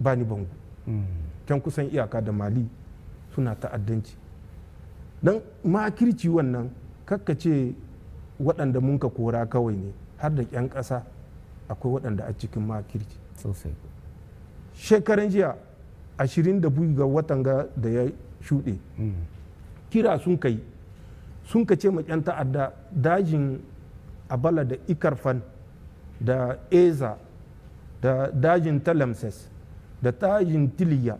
bani bango can kusan iyaka da mali suna ta'addanci don makirci wannan ce waɗanda mun ka kora kawai ne har da 'yan ƙasa akwai waɗanda a cikin makirci sosai shekaran jiya ashirin da bugu ga watan ga da ya shuɗe kira sun kai sun ka ce ma 'yan ta'adda dajin abala da ikarfan da eza da dajin talamses da tajin tiliya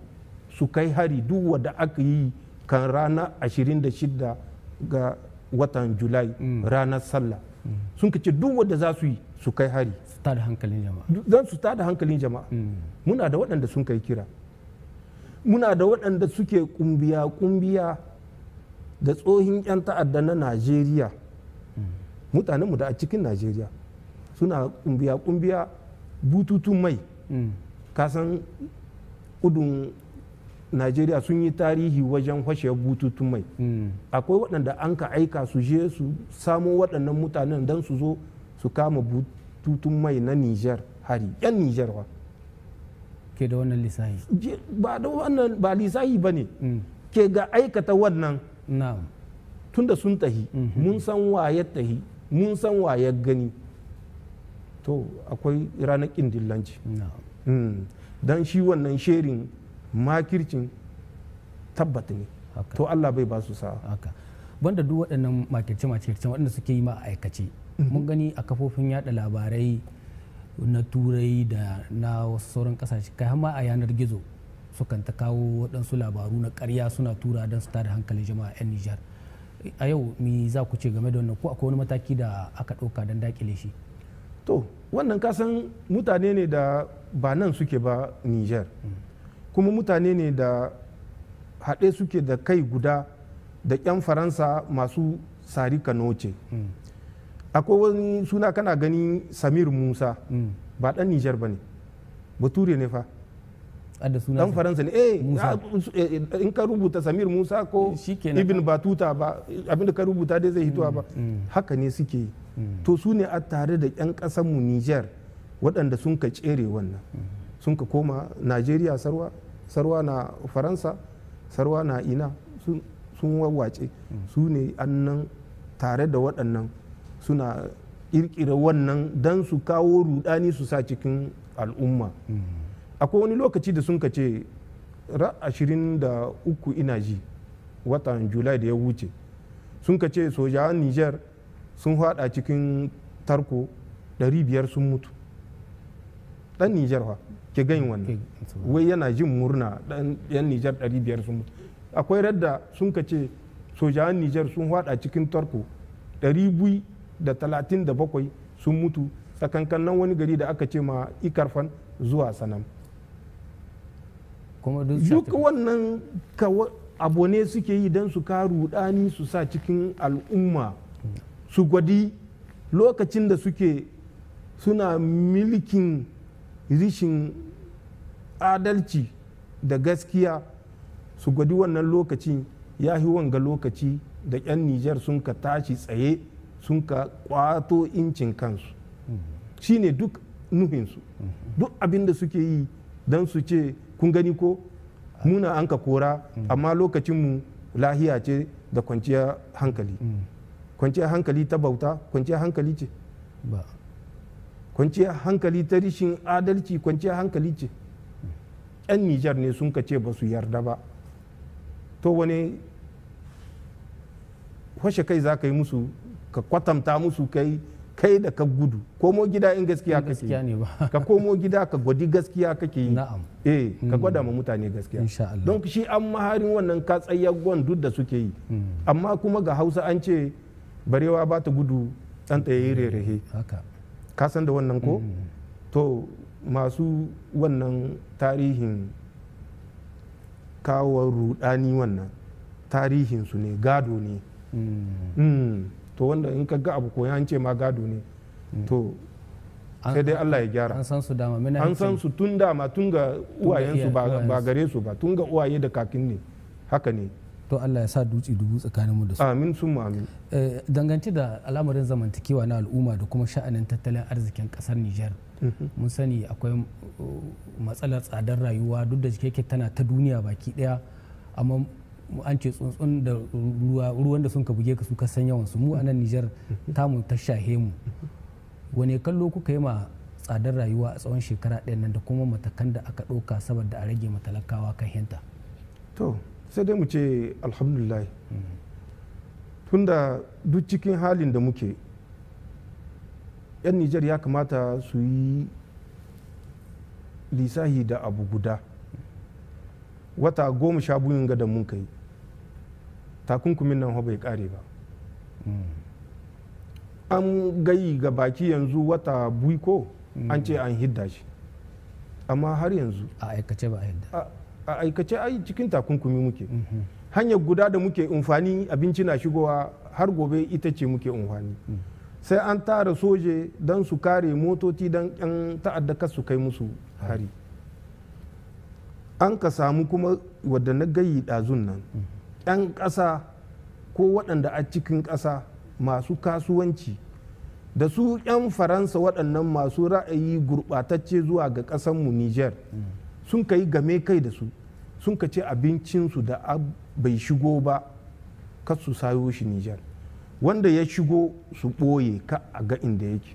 su kai hari duk wadda aka yi kan rana 26 ga watan julai mm. ranar sallah mm. sun kace duk wadda za su yi su kai hari su tada hankalin jama'a don su tada hankalin jama'a mm. muna da waɗanda sun kai kira muna da waɗanda suke kumbiya kumbiya da tsohin 'yan ta'adda na najeriya mutanenmu da a cikin najeriya suna kumbiya kumbiya bututun mai kasan kudun najeriya sun yi tarihi wajen hwashe bututun mai mm. akwai waɗanda an ka aika su je su samo waɗannan mutanen don su zo su kama bututun mai na niger hari yan niger wa ke da wannan lisahi ba da wannan ba lisahi ba ne mm. ke ga aikata wannan tunda sun tahi mhm. mun san waye tahi mun san waye gani to akwai ranar ƙin don shi wannan sherin makircin tabbat ne to Allah bai ba su sa'a banda duk waɗannan makirce-makirce waɗanda suke yi ma aikace mhm. mun gani a kafofin yada labarai na turai da na wasu sauran kasashe kai ma a yanar gizo sukan ta kawo waɗansu labaru na ƙarya suna tura don su tada hankalin jama'a 'yan nijar a yau mi za ku ce game da wannan ko akwai wani mataki da aka ɗauka don dakile shi to wannan kasan mutane ne da ba nan suke ba niger kuma mutane ne da haɗe suke da kai guda da 'yan faransa masu sari kanoce akwai wani suna kana gani samir musa ba ɗan niger ba ne bature ne fa ɗan faransa ne eh, eh, eh in ka rubuta samir musa ko ibn batuta ba abinda ka rubuta dai zai hitowa ba mm, mm. haka ne suke mm. to su ne a tare da 'yan ƙasanmu niger waɗanda sun ka tsere wannan sun ka koma najeriya sarwa sarwa na faransa sarwa na ina sun wawace su ne annan tare da waɗannan suna ƙirƙira wannan don su kawo rudani su sa cikin al'umma akwai wani lokaci da sun ka ce ra ashirin da uku ina ji watan julai da ya wuce sun ka ce sojawan niger sun hada cikin tarko 500 sun mutu dan Nijar fa ke gani wannan wai yana jin murna dan yan Nijar 500 sun akwai radda sun ka ce sojawan Nijar sun hada cikin tarko 237 sun mutu tsakankan nan wani gari da aka ce ma ikarfan zuwa sanam duk wannan abu ne suke yi don su karu ɗani su sa cikin al'umma su gwadi lokacin da suke suna milikin rishin adalci da gaskiya su gwadi wannan lokacin ya yi wanga lokaci da 'yan nijar sun ka tashi tsaye sun ka kwato incin kansu shi ne duk nuhinsu duk abin da suke yi don su ce kun gani ko muna an ka kora amma lokacinmu lahiya ce da kwanciyar hankali mm. kwanciyar hankali ta bauta kwanciyar hankali ce kwanciyar hankali ta rishin adalci kwanciyar hankali ce yan nijar ne sun kace ba su yarda ba to wani washe kai za ka yi musu ka kwatanta musu kai kai da ka gudu komo gida in gaskiya kake yi ka komo gida ka gwadi gaskiya kake yi eh ka hmm. gwada ma mutane gaskiya insha allah don shi an maharin wannan ka tsayagwan duk da suke yi hmm. amma kuma ga hausa an ce barewa ba ta gudu dan ya yi rerehe ka san da wannan ko mm. to masu wannan tarihin kawon rudani wannan tarihin su ne gado ne mm. Mm. to wanda in ka ga abu ko an ce ma gado ne to sai dai Allah ya gyara an san su dama an san su tun dama tun ga uwayensu ba gare su ba tun ga uwaye da kakin ne haka ne to Allah ya sa dutse dubu tsakanin mu da su amin sun mu amin eh, dangance da al'amarin zamantakewa na al'umma da kuma sha'anin tattalin arzikin kasar Nijar mhm. mun sani akwai uh, matsalar tsadar rayuwa duk da jike tana ta duniya baki daya amma an ce tsuntsun da ruwan da sun ka buge ka su kasan yawan su mu a nan Nijar mhm. mu ta shahe mu wane kallo kuka yi ma tsadar rayuwa a tsawon shekara ɗaya nan da kuma matakan da aka ɗauka saboda a rage matalakawa kan hinta to sai dai mu ce alhamdulillah tunda duk cikin halin da muke 'yan nijar ya kamata su yi lisahi da abu guda wata goma sha biyun ga da mun kai takunkumin nan bai kare ba an gayi ga baki yanzu wata buiko an ce an hidda shi amma har yanzu a aikace ba a hidda a aikace ai cikin takunkumi muke hanyar guda da muke umfani abinci na shigowa har gobe ita ce muke umfani, sai an tara soje don su kare motoci don yan ta'adda ka su kai musu hari an ka samu kuma wadda na gayi ɗazun nan yan ƙasa ko waɗanda a cikin ƙasa masu kasuwanci da su 'yan faransa waɗannan masu ra'ayi gurɓatacce zuwa ga ƙasanmu niger sun ka game kai da su sun ka ce abincinsu da bai shigo ba kar su sayo shi nijar wanda ya shigo su ɓoye ka a ga inda yake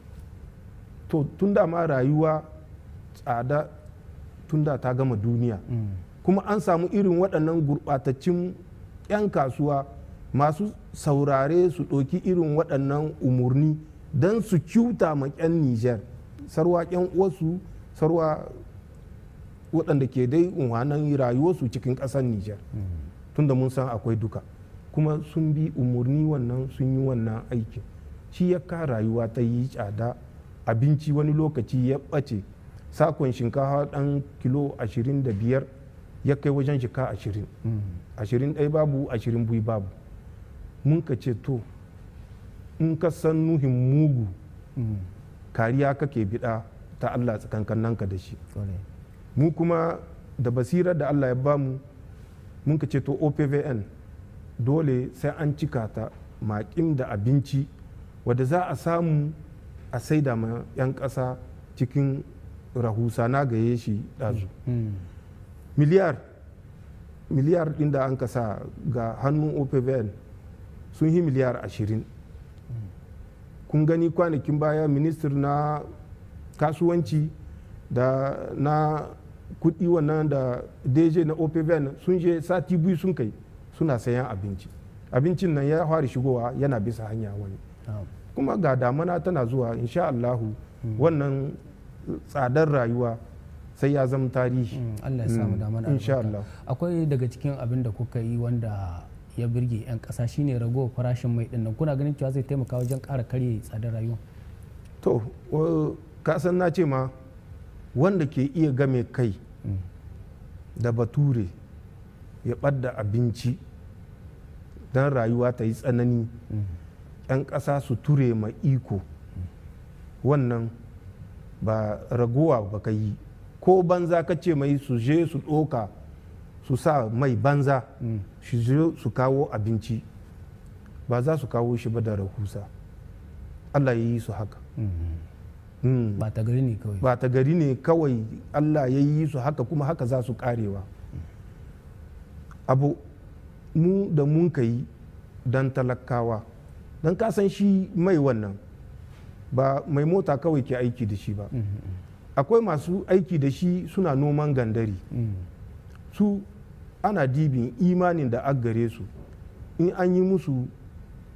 to tun da ma rayuwa tsada tun da ta gama duniya mm. kuma an samu irin waɗannan gurɓatacin 'yan kasuwa masu saurare su ɗoki irin waɗannan umarni don su cuta ma 'yan nijar sarwa 'yan uwarsu sarwa waɗanda ke dai unwanan rayuwarsu cikin ƙasar nijar tunda mun san akwai duka kuma sun bi umarni wannan sun yi wannan aiki shi ya ka rayuwa ta yi tsada abinci wani lokaci ya ɓace sakon shinkafa ɗan kilo 25 ya kai wajen shika 20 ashirin ɗaya babu ashirin bui babu mun ka ce to in ka san nuhin mugu kariya kake biɗa ta allah tsakankan nanka da shi mu kuma da basira da allah ya bamu mun ka ce to opvn dole sai an cika ta maƙin da abinci wadda za a samu a saida ma 'yan ƙasa cikin rahusa na gaye shi ɗazu mm. miliyar miliyar ɗin da an kasa ga hannun opvn sun yi miliyar ashirin mm. kun gani kwanakin baya ministir na kasuwanci da na kuɗi wannan da dj na opvn sun je sati biyu sun kai suna sayan abinci abincin nan ya fara shigowa yana bisa hanya wani kuma ga damana tana zuwa insha allahu hmm. wannan tsadar rayuwa sai ya zama tarihi hmm, Allah ya samu hmm, damana insha allahu akwai daga cikin abin da kuka yi wanda ya birge 'yan ƙasa shine ragowar farashin mai din nan kuna ganin cewa zai taimaka wajen ƙara karye tsadar rayuwa to kasan na ce ma wanda ke iya game kai da bature ya ɓadda abinci don rayuwa ta yi tsanani 'yan ƙasa su ture ma iko wannan ba ragowa ba ka yi ko banza ka ce mai su je su ɗoka su sa mai banza su je su kawo abinci ba za su kawo shi ba da rahusa allah ya yi su haka Hmm. ba ta gari ne kawai ba ta gari ne kawai Allah ya yi su haka kuma haka za su karewa abu mu da mun ka yi don talakawa don kasan shi mai wannan ba mai mota kawai ke aiki da shi ba hmm, hmm, akwai masu aiki da shi suna noman gandari su ana dibin imanin da aggare su in an yi musu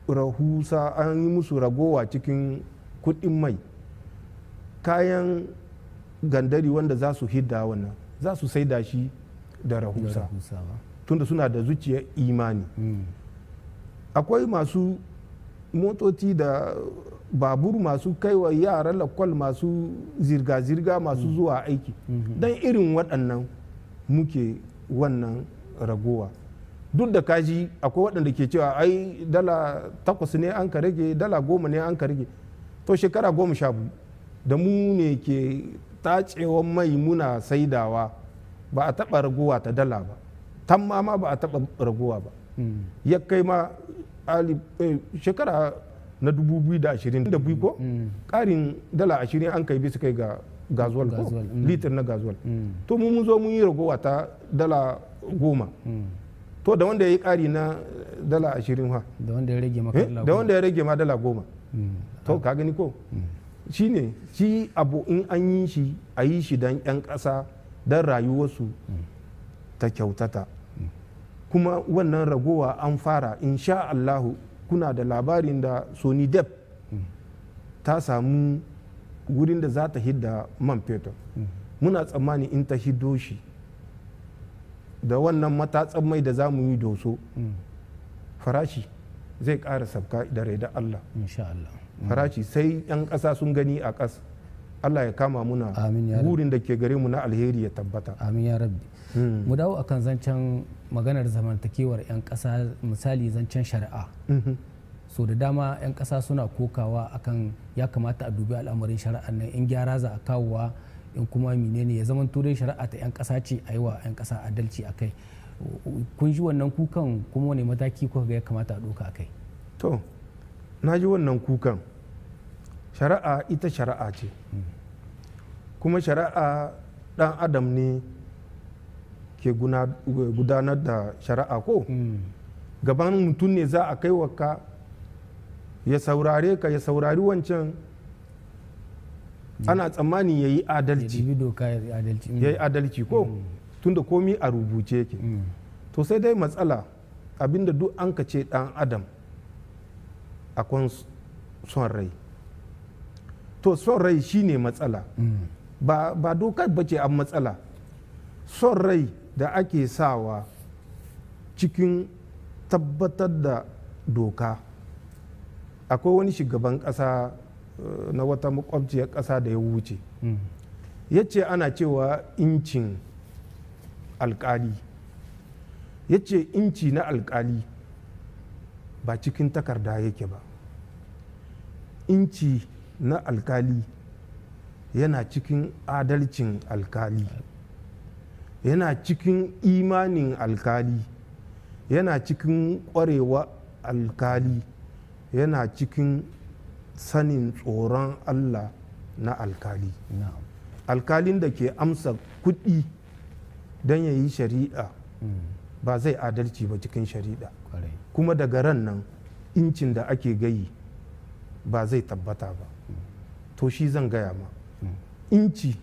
rahusa an yi musu ragowa cikin kuɗin mai kayan gandari wanda za su hidda wannan za su saida shi da rahusa tunda suna da zuciyar imani mm. akwai masu motoci da babur masu kaiwa yara lakwal masu zirga-zirga masu mm. zuwa aiki mm-hmm. don irin waɗannan muke wannan ragowa duk da kaji akwai waɗanda ke cewa ai dala takwas ne an ka rage dala goma ne an ka rage to shekara goma sha biyu da mu ne ke tacewan mai muna saidawa ba a taɓa raguwa ta dala ba tamma ma ba a taɓa raguwa ba mm. ya kai ma eh, shekara na 2020 da ko mm. ƙarin dala ashirin an kai bisa kai ga gazuwal ko mm. litir na gazuwal to mu mun zo mun yi raguwa ta dala goma to da wanda ya yi ƙari na dala ashirin ha da wanda eh, ya rage ma dala goma to ka gani ko shi ne shi abu in an yi shi a yi shi don 'yan ƙasa don rayuwarsu ta kyautata kuma wannan ragowa an fara insha Allahu kuna da labarin da sony dep ta samu wurin da za ta hidda man fetur muna tsammani in ta hiddo shi da wannan matatsan mai da za mu yi doso farashi zai ƙara sabka da raida Allah. faraci sai 'yan ƙasa sun gani a kas allah ya kama muna burin da ke gare mu na alheri ya tabbata amin ya rabbi hmm. mu dawo akan zancen maganar zamantakewar 'yan kasa misali zancen shari'a mhm. so da dama 'yan ƙasa suna kokawa akan ya kamata a dubi al'amarin shari'a nan in gyara za a kawowa in kuma menene ya zaman turai shari'a ta 'yan kasa ce a yi wa 'yan kasa adalci a kai kun ji wannan kukan kuma wani mataki kuka ga ya kamata a ɗauka a kai to na ji wannan kukan shari'a ita shari'a ce kuma shari'a dan adam ne ke gudanar da shari'a ko gaban mutum ne za a kai ka ya saurare ka ya saurari wancan ana tsammani ya yi adalci ya yi adalci ko tunda komi a rubuce yake mm. to sai dai matsala abinda duk an ka ce dan adam akwai son rai to son rai shine matsala mm. ba, doka dokar ba ce an matsala son rai da ake sawa cikin tabbatar da doka akwai wani shugaban kasa eh, na wata makwabciyar kasa da ya wuce mm. ya ce ana cewa incin alkali ya ce inci na alkali ba cikin takarda yake ba inci na alkali yana cikin adalcin alkali yana cikin imanin alkali yana cikin kwarewa alkali yana cikin sanin tsoron allah na alkali alkalin da ke amsa kuɗi don ya yi shari'a mm. ba zai adalci ba cikin shari'a kuma daga ran nan incin da ake gayi ba zai tabbata ba hmm. to shi zan gaya ma hmm. inci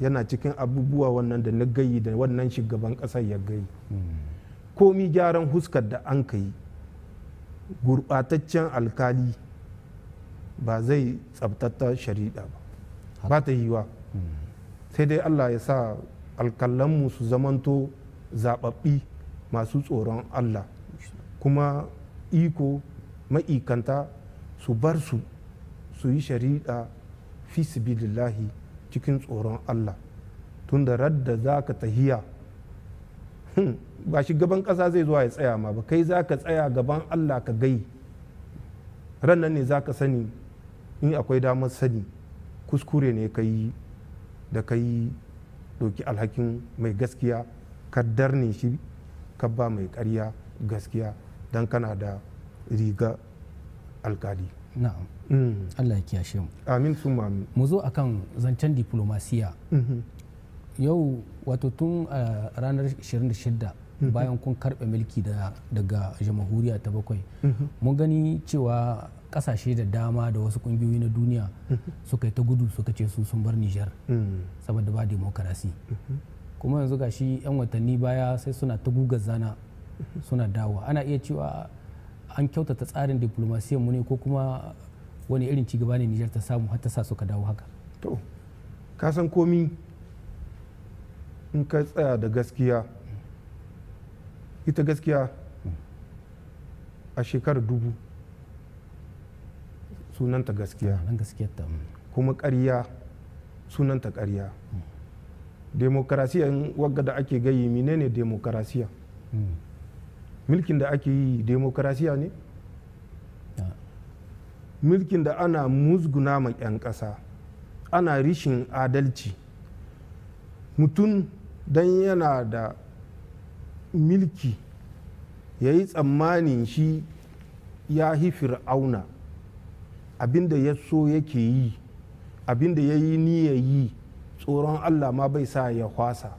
yana cikin abubuwa wannan da na gayi da wannan shugaban ƙasar ya gayi hmm. komi gyaran huskar da an ka yi gurɓataccen alkali ba zai tsabtata shari'a ba ba ta yiwa sai dai allah ya sa alkalanmu su zamanto zaɓaɓɓi masu tsoron allah kuma iko ma'ikanta su bar su su yi shari'a fi sibilillahi cikin tsoron Allah tunda radda za ka tahiya hmm, ba shi gaban ƙasa zai zuwa ya tsaya ma ba kai za ka tsaya gaban Allah ka gai rannan ne za ka sani in akwai damar sani kuskure ne ka yi da ka yi doki alhakin mai gaskiya ka darne shi ka ba mai ƙarya gaskiya don kana da riga alkali na'am mm. Allah ya kiyashe mu amin sun amin mu zo akan zancen diplomasiya mm-hmm. yau wato tun a ranar 26 mm-hmm. bayan kun karbe mulki daga jamhuriya ta bakwai mm-hmm. mun gani cewa kasashe da dama da wasu kungiyoyi na duniya suka yi ta gudu suka ce su sun bar nijar mm. saboda ba demokarasi kuma yanzu gashi 'yan watanni baya sai suna ta guga zana suna dawa ana iya cewa an kyautata tsarin diplomasiyan mu ne ko kuma wani irin cigaba ne Nijar ta samu har ta sa suka dawo haka to ka san komi in ka tsaya da gaskiya ita gaskiya a shekarar dubu sunanta gaskiya mm. kuma ƙarya sunanta ƙarya mm. demokarasiya wagga da ake gayi menene demokarasiya mm. milkin da ake yi demokrasiya ne milkin da ana musguna ma 'yan ƙasa ana rishin adalci mutum don yana da milki ya yi tsammanin shi ya hi fir'auna abinda ya so yake yi abinda ya yi niyya yi tsoron allah ma bai sa ya kwasa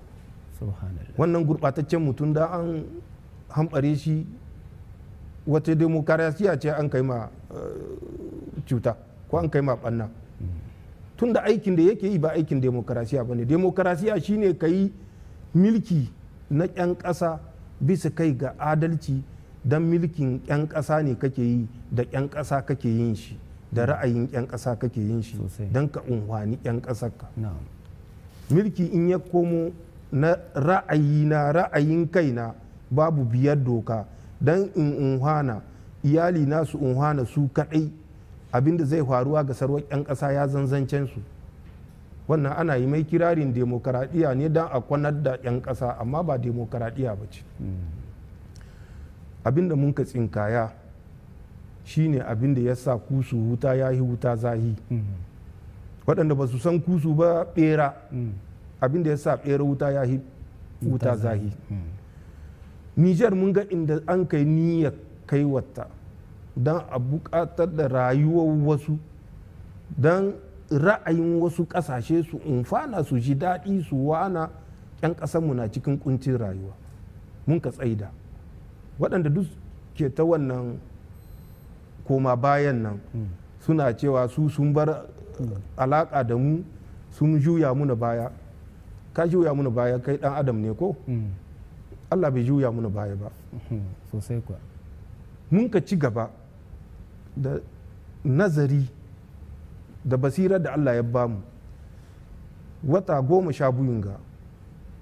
wannan gurbataccen mutum da an hamɓare shi wata demokarasiya ce an kai ma eh, cuta ko an kai ma ɓanna tun da aikin da yake yi ba aikin demokarasiya ba ne demokarasiya ne ka yi milki na 'yan ƙasa bisa kai ga adalci don milkin 'yan ƙasa ne kake yi da 'yan ƙasa kake yin shi da ra'ayin 'yan ƙasa kake yin shi don ka unhwani 'yan ƙasar ka milki in ya komo na ra'ayi na ra'ayin kaina babu biyar doka don in unhana iyali nasu unhana su kaɗai abinda zai faruwa ga sarwar 'yan ƙasa ya zanzancen su wannan ana yi mai kirarin demokaradiyya ne don a kwanar da 'yan ƙasa amma ba demokaradiyya ba ce abinda mun ka tsinkaya shi ne abinda ya sa kusu huta ya yi huta zahi waɗanda ba su san kusu ba ɓera abinda ya sa ɓera huta ya yi huta zahi nijar mun ga inda an kai niyyar kai wata don a buƙatar da rayuwar wasu don ra'ayin wasu ƙasashe su umfana su ji daɗi su wana 'yan ƙasanmu na cikin ƙuncin rayuwa mun ka tsaida waɗanda duk ke ta wannan koma bayan nan mm. suna cewa su sun bar alaƙa da mu sun juya muna baya ka juya muna baya kai ɗan adam ne ko mm. allah bai juya mana baya ba mhm, sosai kuwa mun ka ci gaba da nazari da basirar da allah ya bamu wata goma sha buyun ga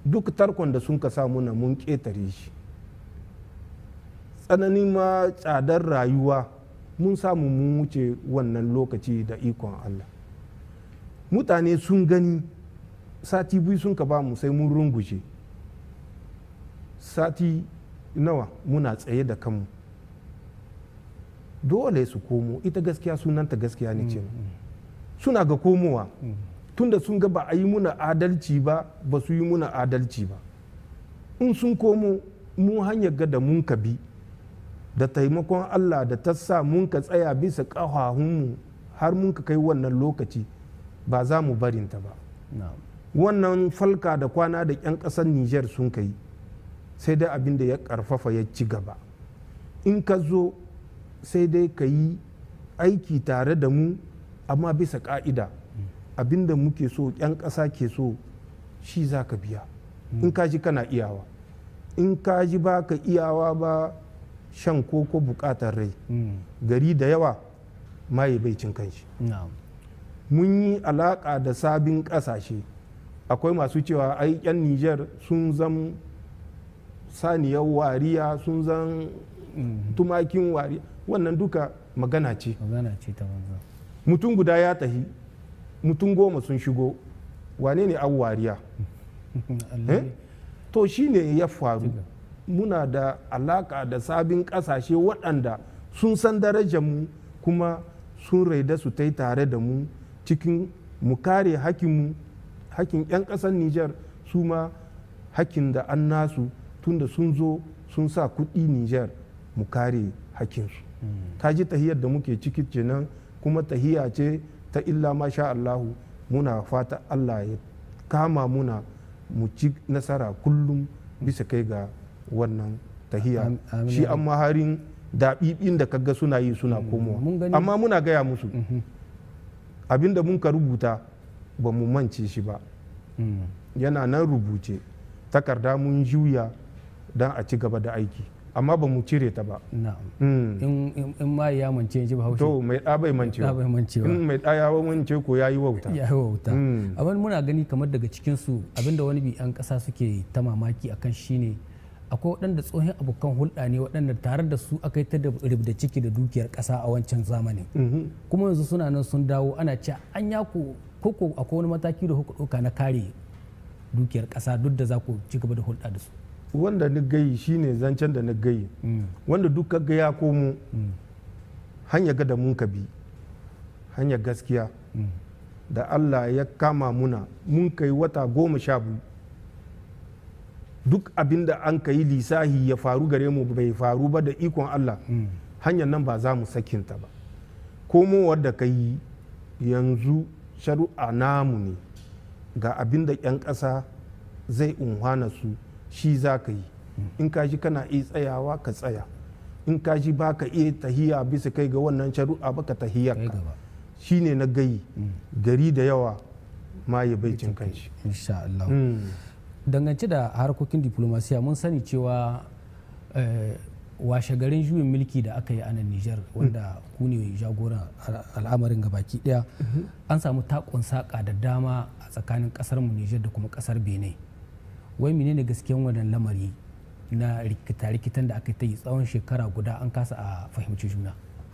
duk tarkon da sun ka sa muna mun ƙetare shi tsananin ma tsadar rayuwa mun samu mun wuce wannan lokaci da ikon allah mutane sun gani sati biyu sun ka ba mu sai mun rungushe sati nawa muna tsaye da kanmu dole su komo ita gaskiya sunanta gaskiya ne ce mm, mm. suna ga komowa mm. tunda sun ga ba a yi muna adalci ba ba su yi muna adalci ba in sun komo mu hanyar ga da mun ka bi da taimakon allah da ta sa mun ka tsaya bisa ƙahahunmu har mun ka kai wannan lokaci ba za mu barinta ba wannan falka da kwana da 'yan ƙasar niger sun kai sai dai abin da ya karfafa ya ci gaba in ka zo sai dai ka yi aiki tare da mu amma bisa ka'ida abin da muke so 'yan ƙasa ke so shi za ka biya in ka ji kana iyawa in ka ji ba ka iyawa ba shan koko bukatar rai gari da yawa maye bai cin kanshi mun yi alaƙa da sabin ƙasashe akwai masu cewa ai 'yan niger sun zama saniyar wariya sun zan mm. tumakin wariya wannan duka magana ce magana mutum guda ya tahi mutum goma sun shigo wane ne an wariya eh? to shine ya faru muna da alaka da sabin kasashe waɗanda sun san darajar mu kuma sun raida su ta tare da mu cikin mu kare hakin 'yan ƙasar nijar su ma hakin da an nasu tunda sun zo sun sa kudi niger mu kare hakinsu ta ji tahiyar da muke ciki kenan kuma tahiya ce ta illa masha allahu muna fata allah ya kama muna mu ci nasara kullum bisa kai ga wannan tahiya shi an maharin daɓiɓin da kaga suna yi suna mm, komowa amma muna gaya musu mm-hmm. abinda mun ka rubuta ba mu mance shi ba mm. yana nan rubuce takarda mun juya don a ci gaba da aiki amma ba mu cire ta ba hmm. in ma ya mance ji haushe to mai da bai in mai da ya mance ko ya yi wauta ya yi wauta hmm. abin muna gani kamar daga cikin su abinda wani bi an kasa suke ta mamaki akan shine akwai waɗanda tsohon abokan hulɗa ne waɗanda tare da su aka yi ta da da ciki da dukiyar kasa a wancan zamani mm-hmm. kuma yanzu suna nan sun dawo ana ce an ya ko koko akwai wani mataki da hukuka na kare dukiyar ƙasa duk da za ku ci gaba da hulɗa da su wanda ni gayi shine zancen da ni gayi mm. wanda duk gaya ya komo mm. hanya ga da mun ka bi hanya gaskiya mm. da Allah ya kama muna mun kai wata goma sha biyu duk abin da an kai lisahi ya faru gare mu bai faru ba da ikon Allah hanyar nan ba za mu sakinta ba komowar da ka yi yanzu sharu'a namu ne ga abin da 'yan ƙasa zai unhwana su shi za ka yi in ka ji kana iya tsayawa ka tsaya in ka ji ba ka iya tahiya bisa kai ga wannan shari'a ba ka tahiyar ka shi ne na gayi mm. gari da yawa ma ya bai cin kanshi mm. dangance da harkokin diplomasiya mun sani cewa eh, washe garin juyin mulki da aka yi a nan Nijar mm. wanda ku ne jagoran al'amarin gabaki daya mm-hmm. an samu takon saƙa da dama a tsakanin kasar mu Nijar da kuma ƙasar Benin wai menene gaskiyan wannan lamari na rikita-rikitan da aka ta yi tsawon shekara guda an kasa a fahimci juna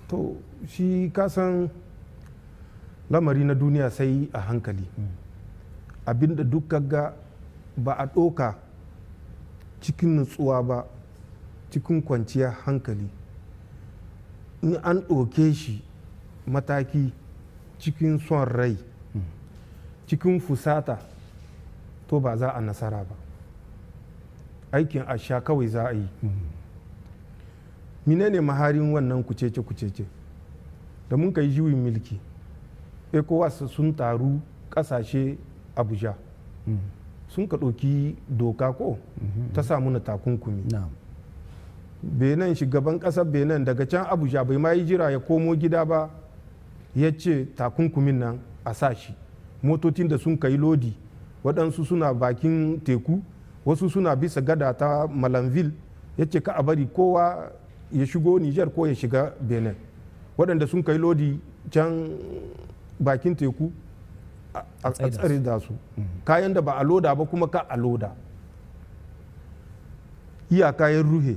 to shi kasan lamari na duniya sai a hankali hmm. abinda duk ga ba a ɗoka cikin nutsuwa ba cikin kwanciya hankali in an ɗoke shi mataki cikin son rai hmm. cikin fusata to ba za a nasara ba aikin a sha kawai za a yi mine hmm. ne maharin wannan kucece kucece da mun kai juyin milki ecowas sun taru kasashe abuja hmm. sun ka ɗauki doka ko hmm. ta samu na takunkumi benin shugaban ƙasar benin daga can abuja bai ma yi jira ya komo gida ba ya ce takunkumin nan a sa shi motocin da sun kai lodi waɗansu suna bakin teku wasu suna bisa gada ta malanville ya ce ka a bari kowa ya shigo niger ko ya shiga benin waɗanda sun kai lodi can bakin teku a tsare da su mm-hmm. kayan da ba a loda ba kuma ka a loda iya kayan ruhe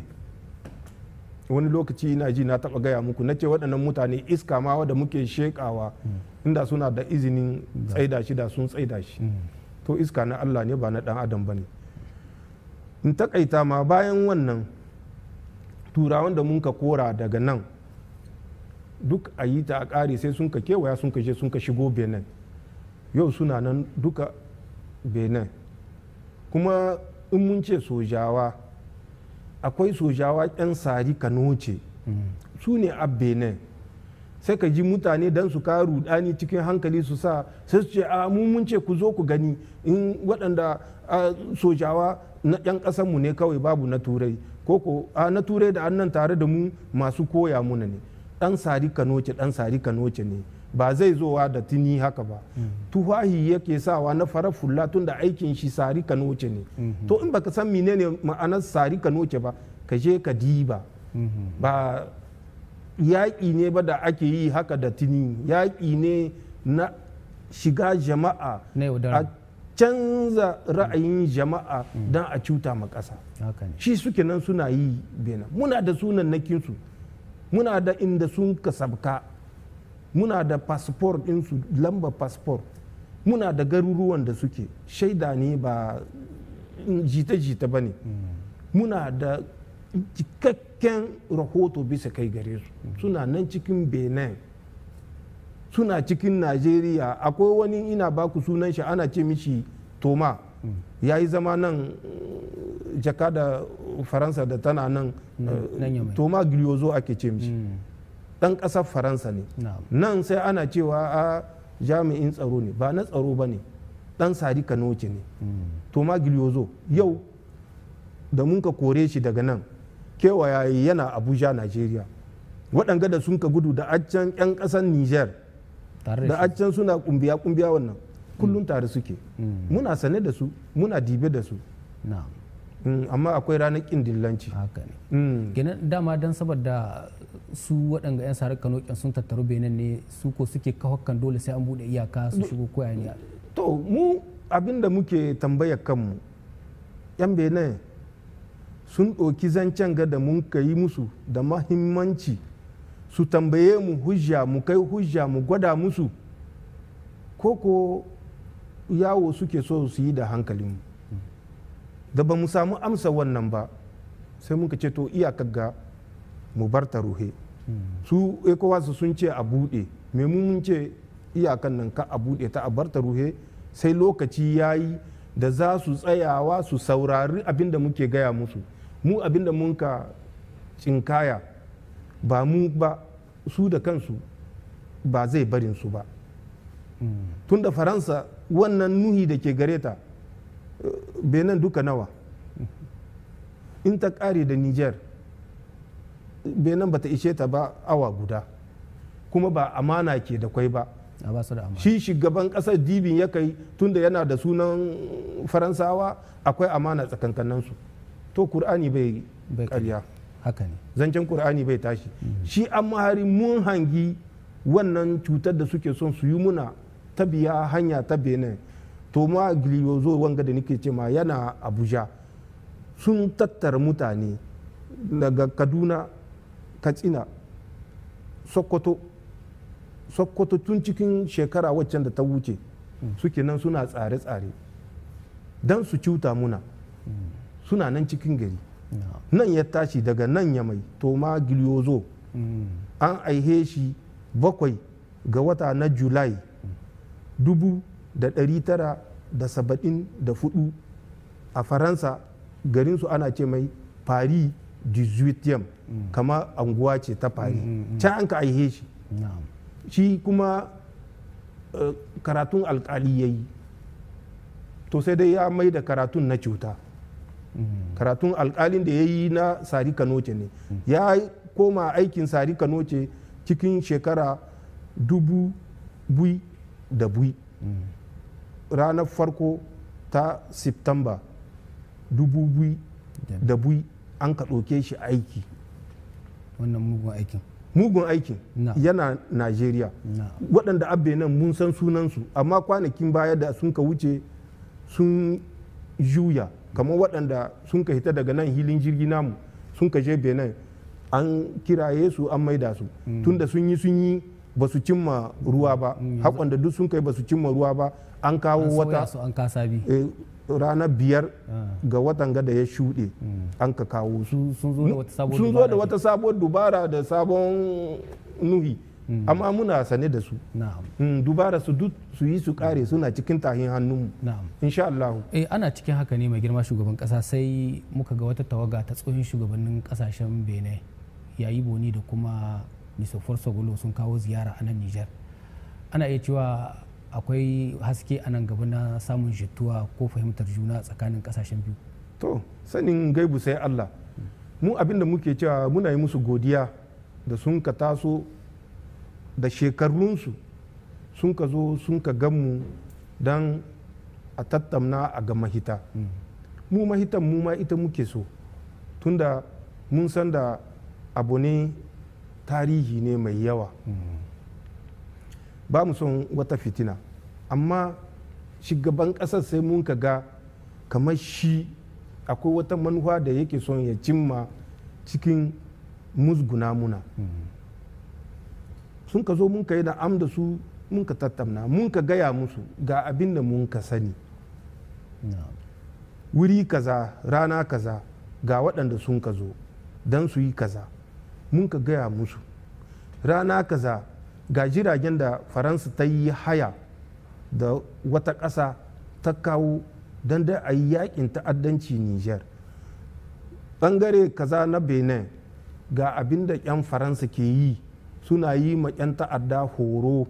wani lokaci ina ji na taba gaya muku na ce waɗannan mutane iska ma wadda muke shekawa mm. inda suna da izinin tsaida shi da sun tsaida shi mm. to iska na allah ne ba na dan adam ba ne in takaita ma bayan wannan turawan da mun ka kora daga nan duk a yi ta a ƙari sai sun ka kewaya sun ka je sun ka shigo benin yau suna nan duka benin kuma in mun ce sojawa akwai sojawa 'yan sari kanoce mm. su ne a benin sai ka ji mutane dan su karu dani cikin hankali su sa sai su ce a mun ce ku zo ku gani in waɗanda sojawa na yan mu ne kawai babu na turai koko a na turai da annan tare da mu masu koya muna ne dan sari kanoce dan sari kanoce ne ba zai zowa da tuni haka ba mm. tuhahi yake sawa na farar fulla tun da aikin shi sari kanoce ne mm-hmm. to in baka san menene ma'anar sari kanoce ba ka je ka diba mm-hmm. ba yaƙi ne ba da ake yi haka da tuni yaƙi ne na shiga jama'a canza ra'ayin jama'a don a cuta ma ƙasa shi suke nan suna yi benin muna da sunan nakinsu muna da inda sun ka sabka muna da pasport ɗinsu lamba fasfor muna da garuruwan da suke shaida ne ba jita-jita ba ne mm. muna da cikakken rahoto bisa kai gare su mm. suna nan cikin benin suna cikin najeriya akwai wani ina baku sunan shi ana ce mishi toma mm. ya yi zama nan jaka da faransa da tana nan mm, eh, toma giliozo ake ce mishi dan mm. kasar faransa ne nan sai ana cewa a jami'in tsaro ne ba na tsaro ba ne dan sari kanoce ne toma giliozo yau da mun ka kore shi daga nan kewaya yana abuja nigeria waɗanga da sun ka gudu da accan 'yan ƙasar niger da can suna kumbiya kumbiya wannan kullum mm. tare suke mm. muna sane da su muna dibe da su mm, amma akwai ranar kin dillanci haka ne dama don saboda su waɗanda 'yan sarar kanokin sun tattaru benin ne su ko suke kawakan dole sai an buɗe iyaka su shigo koya ne to mu abin da muke tambayar kanmu 'yan benin sun ɗoki zancen ga da mun ka yi musu da mahimmanci su tambaye mu hujja mu kai hujja mu gwada musu ko ko yawo suke so su yi da mu da ba mu samu amsa wannan ba sai muka ce to iyakar ga mu bar ta ruhe su ecowas sun ce a buɗe mun ce iyakan nan ka a buɗe ta a bar ta ruhe sai lokaci ya yi da za su tsayawa su saurari abinda muke gaya musu mu abinda da mun ka cinkaya ba mu ba su da kansu ba zai barin su ba tunda faransa wannan nuhi da ke gare ta eh, benin duka nawa in ta kare da niger benin ba ta ishe ta ba awa guda kuma ba amana ke da kwai ba shi shugaban kasar dibin ya kai tunda yana da sunan faransawa akwai amana tsakankanansu to kur'ani bai karya haka ne zancen qur'ani bai tashi mm-hmm. shi an mahari mun hangi wannan cutar da suke son su yi muna ta biya hanya ta benin to ma gliozo wanga da nake ce ma yana abuja sun tattara mutane daga kaduna katsina sokoto sokoto tun cikin shekara waccan da ta wuce mm-hmm. suke nan suna tsare-tsare don su cuta muna mm-hmm. suna nan cikin gari nan ya tashi daga nan ya mai to ma giliyozo mm. an aihe shi bakwai ga wata na julai dubu da ɗari tara da saba'in da fudu a faransa garinsu ana ce mai paris 18 mm. kama anguwa ce ta paris mm, can an ka aihe shi shi kuma eh, karatun alkali ya yi to sai dai ya mai da karatun na cuta Mm. karatun alkalin da ya yi na sari kanoce ne mm. ya koma aikin sari kanoce cikin shekara dubu bui da bui mm. ranar farko ta septamba dubu bui da bui an ka ɗauke shi aiki wannan mugun aikin mugun aikin yana najeriya waɗanda abbe nan mun san sunansu amma kwanakin baya da sun ka wuce sun juya kamar waɗanda sun ka hita daga nan hilin jirgi namu sun ka je benin an kiraye su an maida su mm. tunda sun yi sun yi ba su cimma ruwa ba mm, haƙon da duk sun kai ba su cimma ruwa ba an kawo wata eh, ranar biyar ah. ga watan gada da ya shuɗe mm. an ka kawo su sun zo da wata sabon dubara da sabon nuhi Mm. amma muna sane da su mm, dubara su duk su yi su kare suna cikin tahin hannunmu insha Allah eh ana cikin haka ne mai girma shugaban kasa sai muka ga wata tawaga ta tsohon shugabannin kasashen Benin yayi boni da kuma Mr. Forsogolo sun kawo ziyara a nan Niger ana iya cewa akwai haske a nan gaba na samun jituwa ko fahimtar juna tsakanin kasashen biyu to sanin gaibu sai Allah mu abin da muke cewa muna yi musu godiya da sun ka taso da shekarunsu sun ka zo sun ka ganmu don a tattamna a ga mahita mu mahitan mu ma ita muke so tunda mun san da abu ne tarihi ne mai yawa ba mu son wata fitina amma shigaban ƙasar sai mun ka ga kamar shi akwai wata manuwa da yake son ya cimma cikin musguna muna sun ka zo mun ka yi da am da su mun ka tattamna mun ka gaya musu ga abin da mun ka sani wuri kaza rana kaza ga waɗanda sun ka zo don su yi kaza mun ka gaya musu rana kaza ga jiragen da faransa ta yi haya da wata ƙasa ta kawo don da a yi yakin ta'addanci niger ɓangare kaza na benin ga abin da 'yan faransa ke yi suna yi ma 'yan ta'adda horo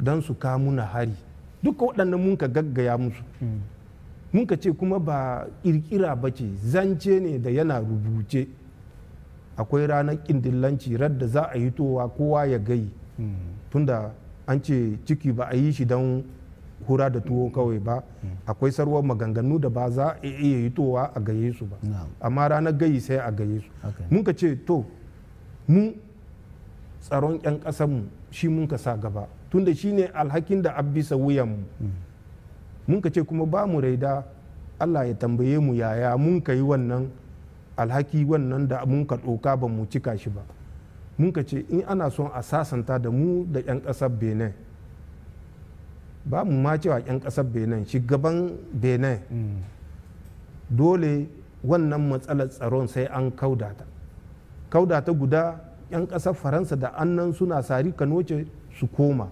don su kamu na hari duka waɗannan mun ka gaggaya musu mm. mun ka ce kuma ba ƙirƙira ba ce zance ne da yana rubuce akwai ranar ƙindillanci radda za a yi towa kowa ya gai mm. tunda an ce ciki ba a yi shi don hura da tuwo kawai ba mm. akwai sarwar maganganu da ba za a iya yi towa a gaye su ba amma ranar gai sai a gaye su mun ka ce to mu tsaron 'yan ƙasanmu shi mun ka sa gaba tunda shi ne alhakin da abisa wuyanmu mun ka ce kuma ba mu raida allah ya tambaye mu yaya mun ka yi wannan alhaki wannan da mun ka ɗoka ba mu cika shi ba mun ka ce in ana son a sasanta da mu da 'yan ƙasar benin ba mu ma cewa 'yan ƙasar benin shugaban benin dole wannan matsalar tsaron sai an kaudata kaudata guda 'yan ƙasar faransa da annan suna sari kanoce su koma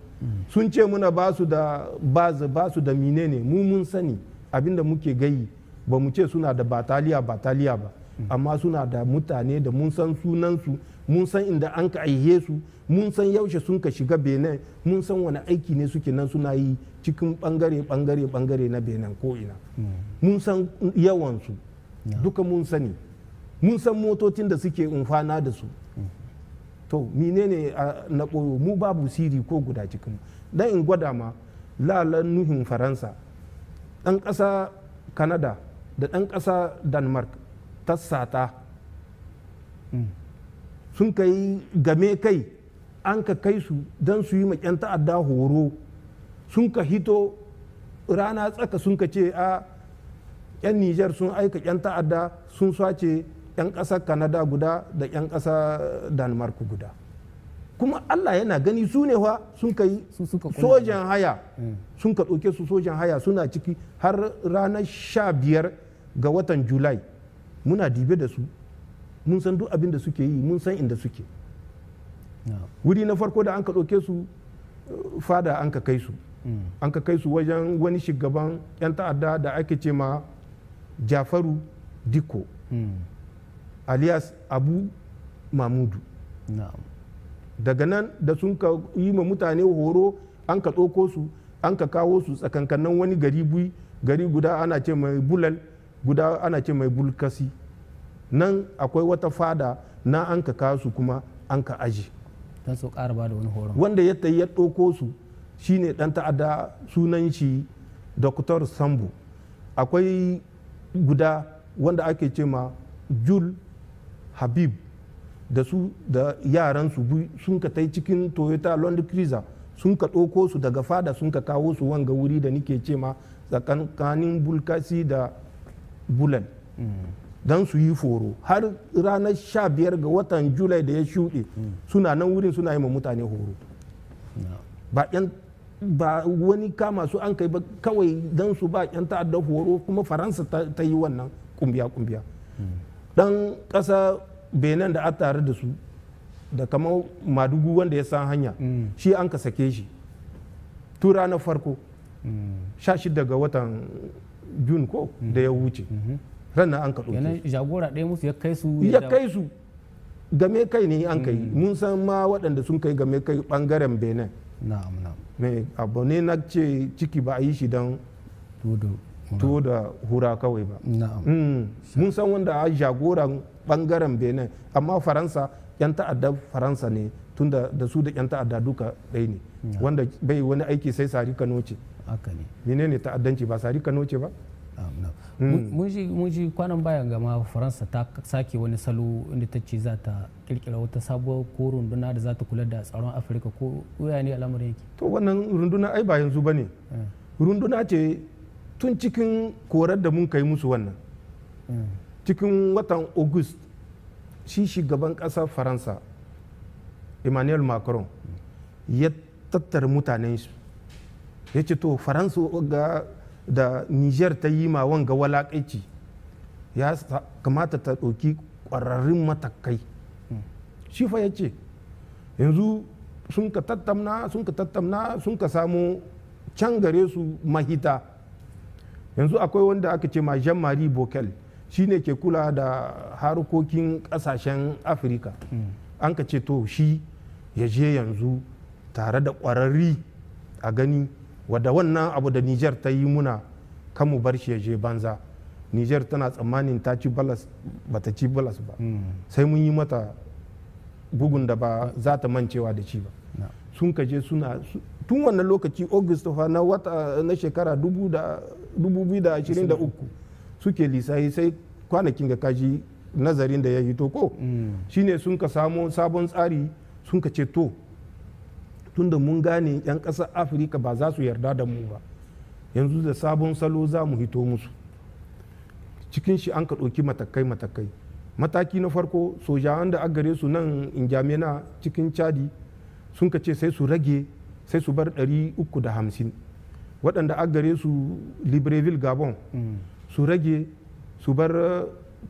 sun ce muna ba su da bazu ba su da ne mu mun sani abinda muke gayi ba mu ce suna da bataliya bataliya ba amma suna da mutane da mun san sunansu mun san inda an ka aihe su mun san yaushe sun ka shiga benin mun san wani aiki ne suke nan suna yi cikin bangare bangare bangare na benin ko ina mun san yawansu duka mun sani mun san motocin da suke umfana da su to menene na koyo mu babu siri ko guda cikin dan in gwada ma lalan nuhin faransa dan kasa canada da dan kasa denmark tassata mm, sun kai game kai an ka kai su don su yi maƙyan ta'adda horo sun ka hito rana tsaka sun ka ce a 'yan nijar sun aika 'yan ta'adda sun sace 'yan ƙasar canada guda da 'yan kasa danmark guda kuma allah yana gani su ne wa sun kai sojan haya mm. sun ka ɗauke su sojan haya suna ciki har ranar sha ga watan julai muna dibe da su mun san duk abin da suke yi mun san inda suke wuri na farko da an ka ɗauke su fada an ka kai su mm. an ka kai su wajen wani shugaban 'yan ta'adda da ake ce ma jafaru diko mm. alias abu mamudu daga nan da sun ka yi ma mutane horo an ka tsoko su an ka kawo su tsakankanin wani gari gari guda ana ce mai bulal guda ana ce mai bulkasi nan akwai wata fada na an ka kawo su kuma an ka aji wanda ya ya tsoko su shine ɗan ta'adda sunan shi dr sambo akwai guda wanda ake ce ma jul habib da su da yaran su sun ka tai cikin toyota land cruiser sun ka ɗauko su daga fada sun ka kawo su wanga wuri da nike ce ma tsakanin bulkasi da bulan don su yi foro har ranar sha biyar ga watan julai da ya shuɗe suna nan wurin suna yi ma mutane horo ba ba wani kama su an kai ba kawai don su ba yan ta'adda horo kuma faransa ta yi wannan kumbiya kumbiya ɗan ƙasa benin da a tare da su da kama madugu wanda ya san hanya mm. shi an ka sake shi tura na farko 16 mm. ga watan jun ko mm-hmm. da ya wuce mm-hmm. ranar an ka ɗauke jagora ɗaya musu ya kai su ya kai su game kai ne an kai mm. mun san ma waɗanda sun kai game kai ɓangaren benin mai abu ne na ce ciki ba a yi shi don tuwo da hura kawai ba mun san wanda a jagoran bangaren benin amma faransa yan ta'adda faransa ne tun da su da yan ta'adda duka ɗaya ne wanda bai wani aiki sai sari kano ce ne ta'addanci ba sari kano ce ba ah, hmm. mun ji kwanan bayan gama faransa ta sake wani salo inda ta ce za ta kirkira wata sabuwar ko runduna da za ta kula da tsaron afirka ko ya ne al'amarin yake to wannan runduna ai ba yanzu ba ne eh. runduna ce tun cikin korar da mun kai musu wannan eh. cikin watan august shi shugaban ƙasar faransa emmanuel macron ya tattara mutanen su ya ce to faransa da niger ta yi ma wanga walaƙaici ya kamata ta ɗauki ƙwararrun matakai shi fa ya ce yanzu sun ka tattamna sun ka tattamna sun ka samu can gare su mahita yanzu akwai wanda aka ce ma jean marie bokel shi ne ke kula da harkokin kasashen afirka mm. an ka ce to shi ya je yanzu tare da ƙwararri a gani wadda wannan abu da niger ta yi muna kamu bar shi ya je banza niger tana tsammanin ta ci balas bata ci balas ba mm. sai mun yi mata bugun da ba za ta mancewa da ci ba sun kaje suna tun wannan lokaci august na shekara 2023 suke lisai sai kwanakin da kaji nazarin da ya hito ko mm. shine sun ka samo sabon tsari sun ka ce to tunda mun gane 'yan ƙasar afirka ba za su yarda da mu ba yanzu da sabon salo za mu hito musu cikin shi an ka ɗauki matakai matakai mataki na farko sojawan da gare su nan injamena cikin chadi sun ka ce sai su rage sai su bar 350 waɗanda a gare su libreville gabon mm. su rage su bar eh,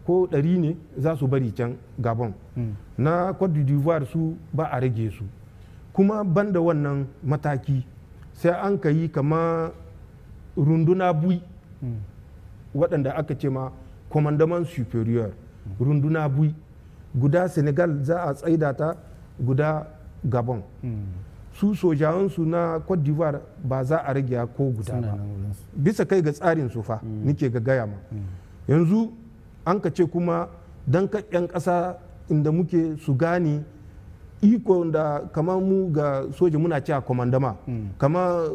ko ɗari ne za su bari can gabon hmm. na cote d'ivoire su ba a rage su kuma banda wannan mataki sai an ka yi kama runduna bui hmm. waɗanda aka ce ma commandement superior runduna bui guda senegal za a tsaida ta guda gabon hmm. su sojawansu na cote d'ivoire ba za a rage ko guda ba bisa kai ga tsarin su fa mm. nike ga gaya ma mm. yanzu an ka ce kuma don ka 'yan ƙasa inda muke su gane iko da kama mu ga soja muna cewa a mm. kama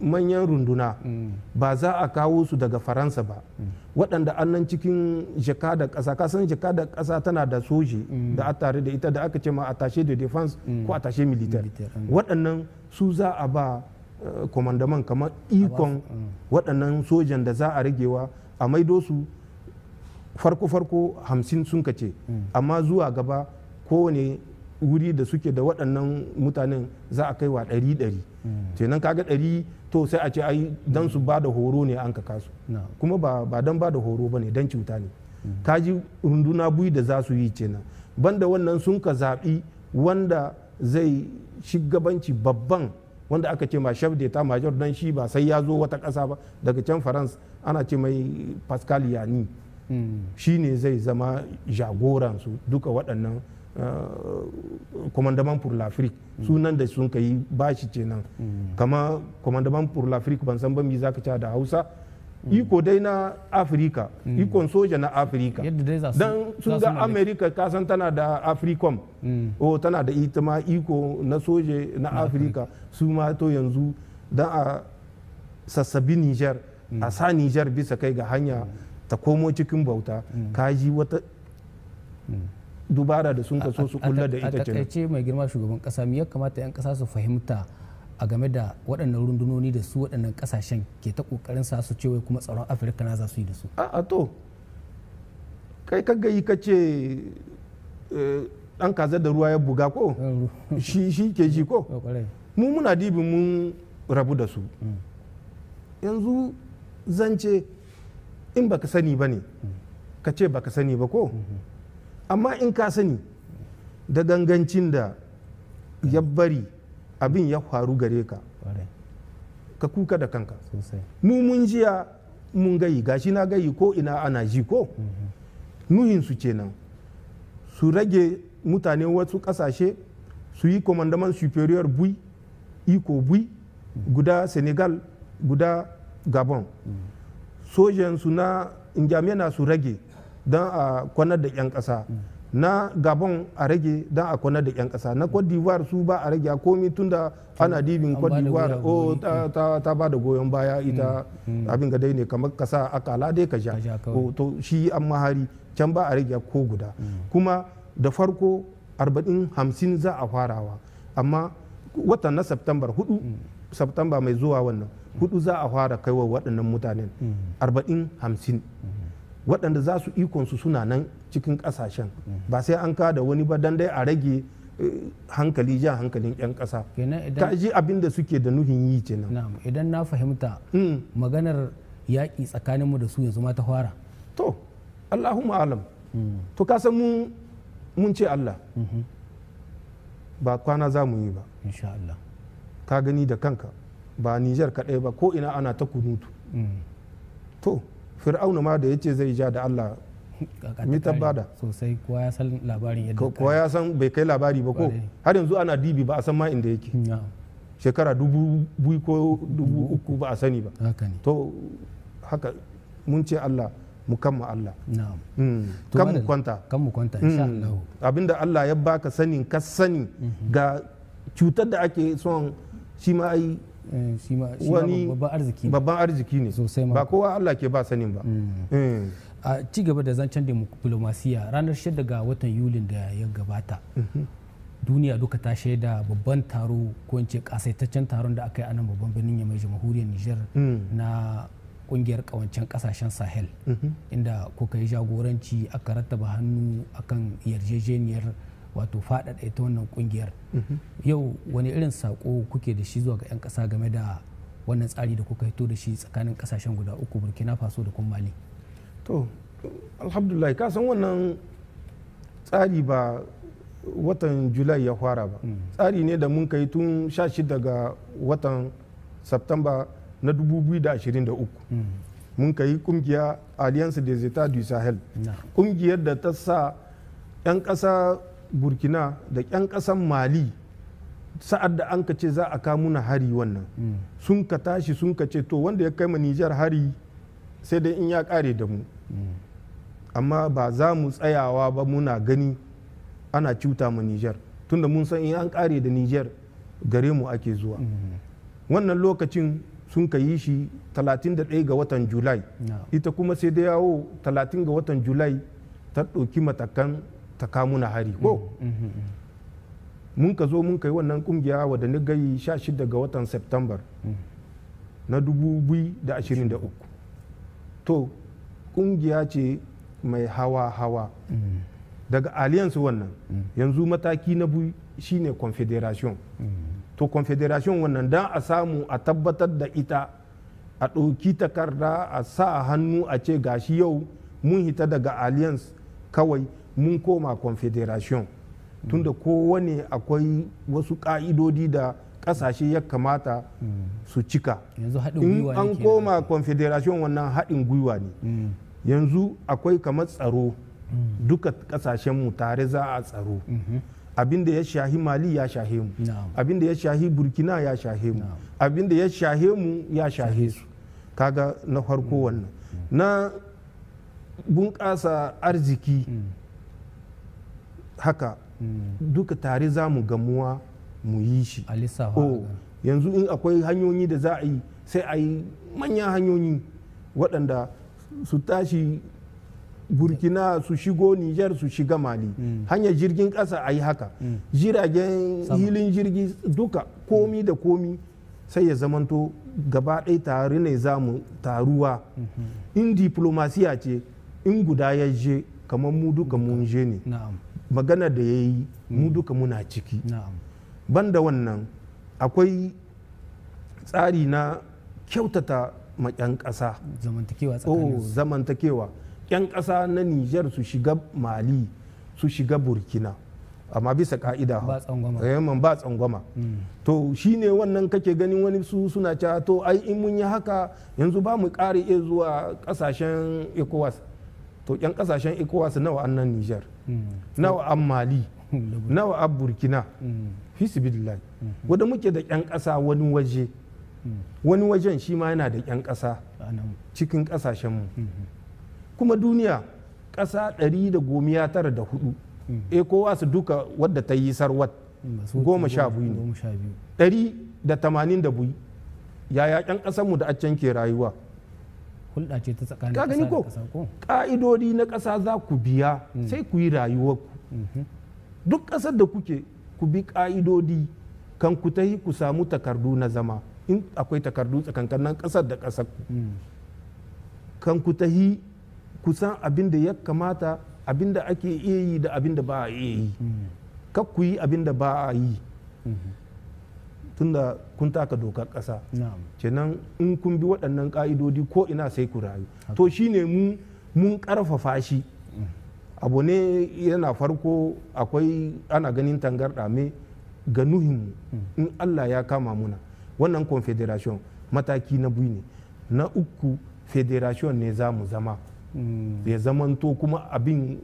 manyan runduna mm. ba za a kawo su daga faransa ba mm. waɗanda annan cikin jaka ƙasa kasan jaka da ƙasa tana da soji mm. da tare da ita da aka ce ma atashe da defense ko atashe militar waɗannan su za a ba komandaman eh, kamar ikon waɗannan sojan da za a ragewa a maido su farko-farko hamsin sun kace amma zuwa gaba kowane wuri da suke da waɗannan mutanen za a kai wa ɗari-ɗari kaga ɗari to sai a ce ai dan su bada horo ne an kaka su kuma ba ba dan bada horo bane dan cuta ne ka ji runduna bui da za su yi kenan banda wannan sun ka zaɓi wanda zai shigabanci babban wanda aka ce ma chef d'etat major dan shi ba sai ya zo wata ƙasa ba daga can france ana ce mai pascal yani hmm. shi ne zai zama jagoransu duka waɗannan Eh, commandement pour l'afrique mm. sunan da sun kai bashi kenan mm. kama commandement pour l'afrique ban san ba mi zaka ci da hausa mm. iko dai na Afrika, ikon soja na Afrika, dan sun ga amerika san tana da africom o oh, tana da ita ma iko na soja na Afrika, su ma to yanzu dan a sassabi niger a sa niger bisa kai ga hanya ta komo cikin bauta ka ji wata dubara da sun kaso su kulla da ita kenan a takaice mai girma shugaban kasa me ya kamata yan kasa su fahimta a game da waɗannan rundunoni da su waɗannan kasashen ke ta kokarin sa su cewa kuma tsaron afirka na za su yi da su a to kai ka gayi ka ce dan eh, kaza da ruwa ya buga ko shi shi ke ji ko mu muna dibi mun rabu da su mm. yanzu zance in baka sani ba ne mm. ka ce baka sani ba ko mm-hmm. amma in ka sani da gangancin da ya bari abin ya faru gare ka ka kuka da kanka mu mun jiya mun gayi gashi na gayi ko ina ana ji ko mhm. su kenan su rage mutane wasu kasashe su yi commandement superior bui iko bui guda senegal guda gabon mhm. sojansu na injamiya su rage don a kwanar da 'yan ƙasa na gabon a rage don a kwanar da 'yan ƙasa na cote d'ivoire su ba a rage a komi tun da ana dibin cote d'ivoire o oh, ta ba da goyon baya ita mm, mm. abin ga dai ne kamar kasa kala dai ka sha oh, to shi an mahari can ba a rage ko guda mm. kuma da farko 40 hamsin za a farawa amma watan na september hudu september mai zuwa wannan hudu za a fara kaiwa waɗannan mutanen 40 hamsin waɗanda za su ikonsu suna nan cikin ƙasashen ba sai an kada wani ba don dai a rage eh, hankali jan hankalin 'yan ƙasa ta ji abin da suke da nuhin yi kenan idan na fahimta hmm. maganar yaƙi tsakaninmu da su yanzu ma ta fara to allahumma alam to ka mun ce allah mhm. ba kwana za mu yi ba ka gani da kanka ba nijar kaɗai ba ko ina ana ta kunutu hmm. to fir'aunu ma da ya ce zai ja da Allah mitar bada sosai kowa ya san labarin yadda kowa ya san bai kai labari ba ko har yanzu ana dibi ba a san ma inda yake shekara dubu biyu ko dubu uku ba a sani ba to haka mun ce Allah mu kan mu Allah mm. kan mu kwanta kan mu kwanta insha mm. Allah abinda Allah ya baka sanin ka sani mhm. ga cutar da ake son shi ma ai Eh, wani babban arziki ne ba kowa Allah ke ba sanin ba mm. eh. a ci gaba da zancen diplomasiya ranar 6 ga watan yulin da ya gabata mhm. duniya duka ta shaida babban taro ko ce kasaitaccen taron da aka yi anan babban birnin ya mai jamhuriyar niger mm. na kungiyar kawancen kasashen sahel mhm. inda kuka yi jagoranci aka rattaba hannu akan yarjejeniyar wato faɗaɗa ita wannan ƙungiyar mhm. yau wani irin sako kuke da shi zuwa ga 'yan ƙasa game da wannan tsari da kuka hito da shi tsakanin ƙasashen guda uku burkina faso da kuma mali to alhamdulillah ka san wannan tsari ba watan julai ya fara ba mm. tsari ne da mun kai tun 16 ga watan septamba na 2023 mm. mun kai kungiya alliance des etats du sahel kungiyar da ta sa 'yan ƙasa burkina da 'yan ƙasan mali sa'ad da an ka ce za a kamuna hari wannan mm. sun ka tashi sun ka ce to wanda ya kai ma nijar hari sai dai in ya ƙare da mu mm. amma ba za mu tsayawa ba muna gani ana cuta ma nijar tunda mun san in an kare da nijar gare mu ake zuwa mm. wannan lokacin sun ka yi shi 31 ga watan julai ita kuma sai da yawo 30 ga watan julai ta ɗauki matakan ta kamuna hari ko mm-hmm, mm-hmm. mun ka zo mun kai wannan kungiya wadda ni gai 16 ga watan september mm-hmm. na 2023 to kungiya ce mai hawa-hawa daga alliance wannan yanzu mataki na biyu shine confederation to confederation wannan don a samu a tabbatar da ita a ɗauki takarda a sa hannu a ce gashi yau mun hita daga alliance kawai mun koma confederation tunda kowane akwai wasu ka'idodi da kasashe ya kamata su cika in an koma confederation wannan haɗin gwiwa ne mm. yanzu akwai kamar tsaro mm. duka kasashenmu tare za a tsaro mm-hmm. abinda ya shahi mali ya shahe mu abinda ya shahi burkina ya shahe mu abinda ya shahe mu ya shahe su kaga na farko mm. wannan na bunƙasa arziki haka mm. duka tare za mu gamuwa mu yi shi oh, yanzu in akwai hanyoyi da za a yi sai a yi manyan hanyoyi waɗanda su tashi burkina su shigo niger su shiga mali mm. hanyar jirgin ƙasa a yi haka mm. jiragen hilin jirgi duka komi da komi sai ya zamanto gaba ɗaya tare ne za mu taruwa mm-hmm. in diplomasiya ce in guda ya je kamar mu duka mun je ne magana da ya yi mu mm. duka muna ciki banda wannan akwai tsari na kyautata ma 'yan ƙasa zamantakewa 'yan oh, ƙasa na nijar su shiga mali su shiga burkina amma bisa ka'ida ba tsangwama eh, mm. to shi ne wannan kake ganin wani su suna cewa to ai in mun yi haka yanzu ba mu kare zuwa ƙasashen ecowas to yan kasashen ecowas nawa an nan hmm. nawa an mali hmm. nawa an burkina hisibillah hmm. Wadda muke da yan kasa wani waje wani wajen shi ma yana da yan kasa cikin kasashenmu kuma duniya kasa 194 ecowas duka wadda ta yi sarwat goma sha biyu ne ɗari da tamanin da biyu yaya yan ƙasarmu da a can ke rayuwa hulɗa ce ta tsakanin ƙasa da ƙasa ko ƙa'idodi na ƙasa za ku biya mm. sai ku yi rayuwarku mm-hmm. duk ƙasar da kuke ku bi ƙa'idodi kan ku tahi ku samu takardu na zama in akwai takardu tsakankanin ƙasar da ƙasar ku mm. kan ku tahi ku san abin da ya kamata abin da ake iya yi da abin da ba a iya yi mm. kak ku yi abin da ba a yi mm-hmm. tunda kun taka dokar ƙasa kenan in kun bi waɗannan ƙa'idodi ko ina sai ku rayu to shine mu mun ƙarfafa shi mm. abu ne yana farko akwai ana ganin tangarɗa me ga nuhinmu mm. in allah ya kama muna wannan confederation mataki na biyu ne na uku federation ne za mu zama mm. ya zamanto kuma abin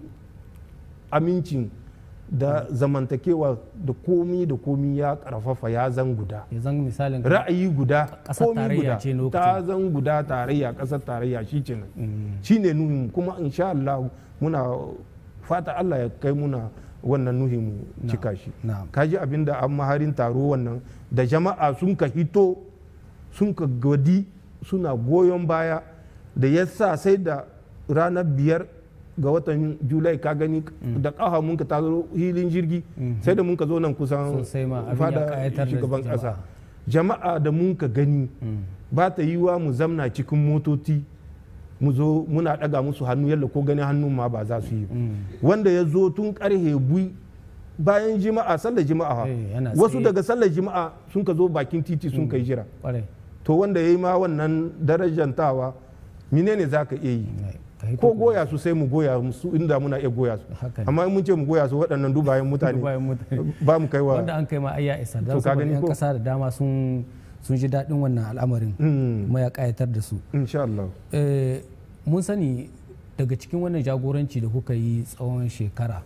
amincin da zamantakewa da komi da komi ya karfafa ya zan guda ra'ayi guda komi guda ta zan guda tarayya kasar tarayya shi ce nan mm. shi ne nuhi kuma insha Allah muna fata Allah ya kai muna wannan mu cika shi kaji abinda an maharin taro wannan da jama'a sun ka hito sun ka gwadi suna goyon baya da yasa sai da ranar biyar ga watan julai ka gani mm. da kaha mun ka tazo hilin jirgi mm-hmm. sai da mun ka zo nan kusan fada shugaban kasa jama'a da mun ka gani mm. ba ta yi wa mu zamna cikin motoci mu zo muna daga musu hannu yalla ko gani hannun ma ba za su yi mm. wanda ya zo tun karhe bui bayan jima'a sallar jima'a eh, wasu daga sallar jima'a sun ka zo bakin titi sun kai jira to wanda ya yi ma wannan darajantawa menene za ka iya yi ko goya su sai mu goya su inda muna iya goya su amma in mun ce mu goya su waɗannan dubayen mutane ba mu kaiwa wanda an kai ma ayya isa da su yan kasa da dama sun sun ji daɗin wannan al'amarin mm. kuma ya ƙayatar da su insha Allah eh, mun sani daga cikin wannan jagoranci da kuka yi tsawon shekara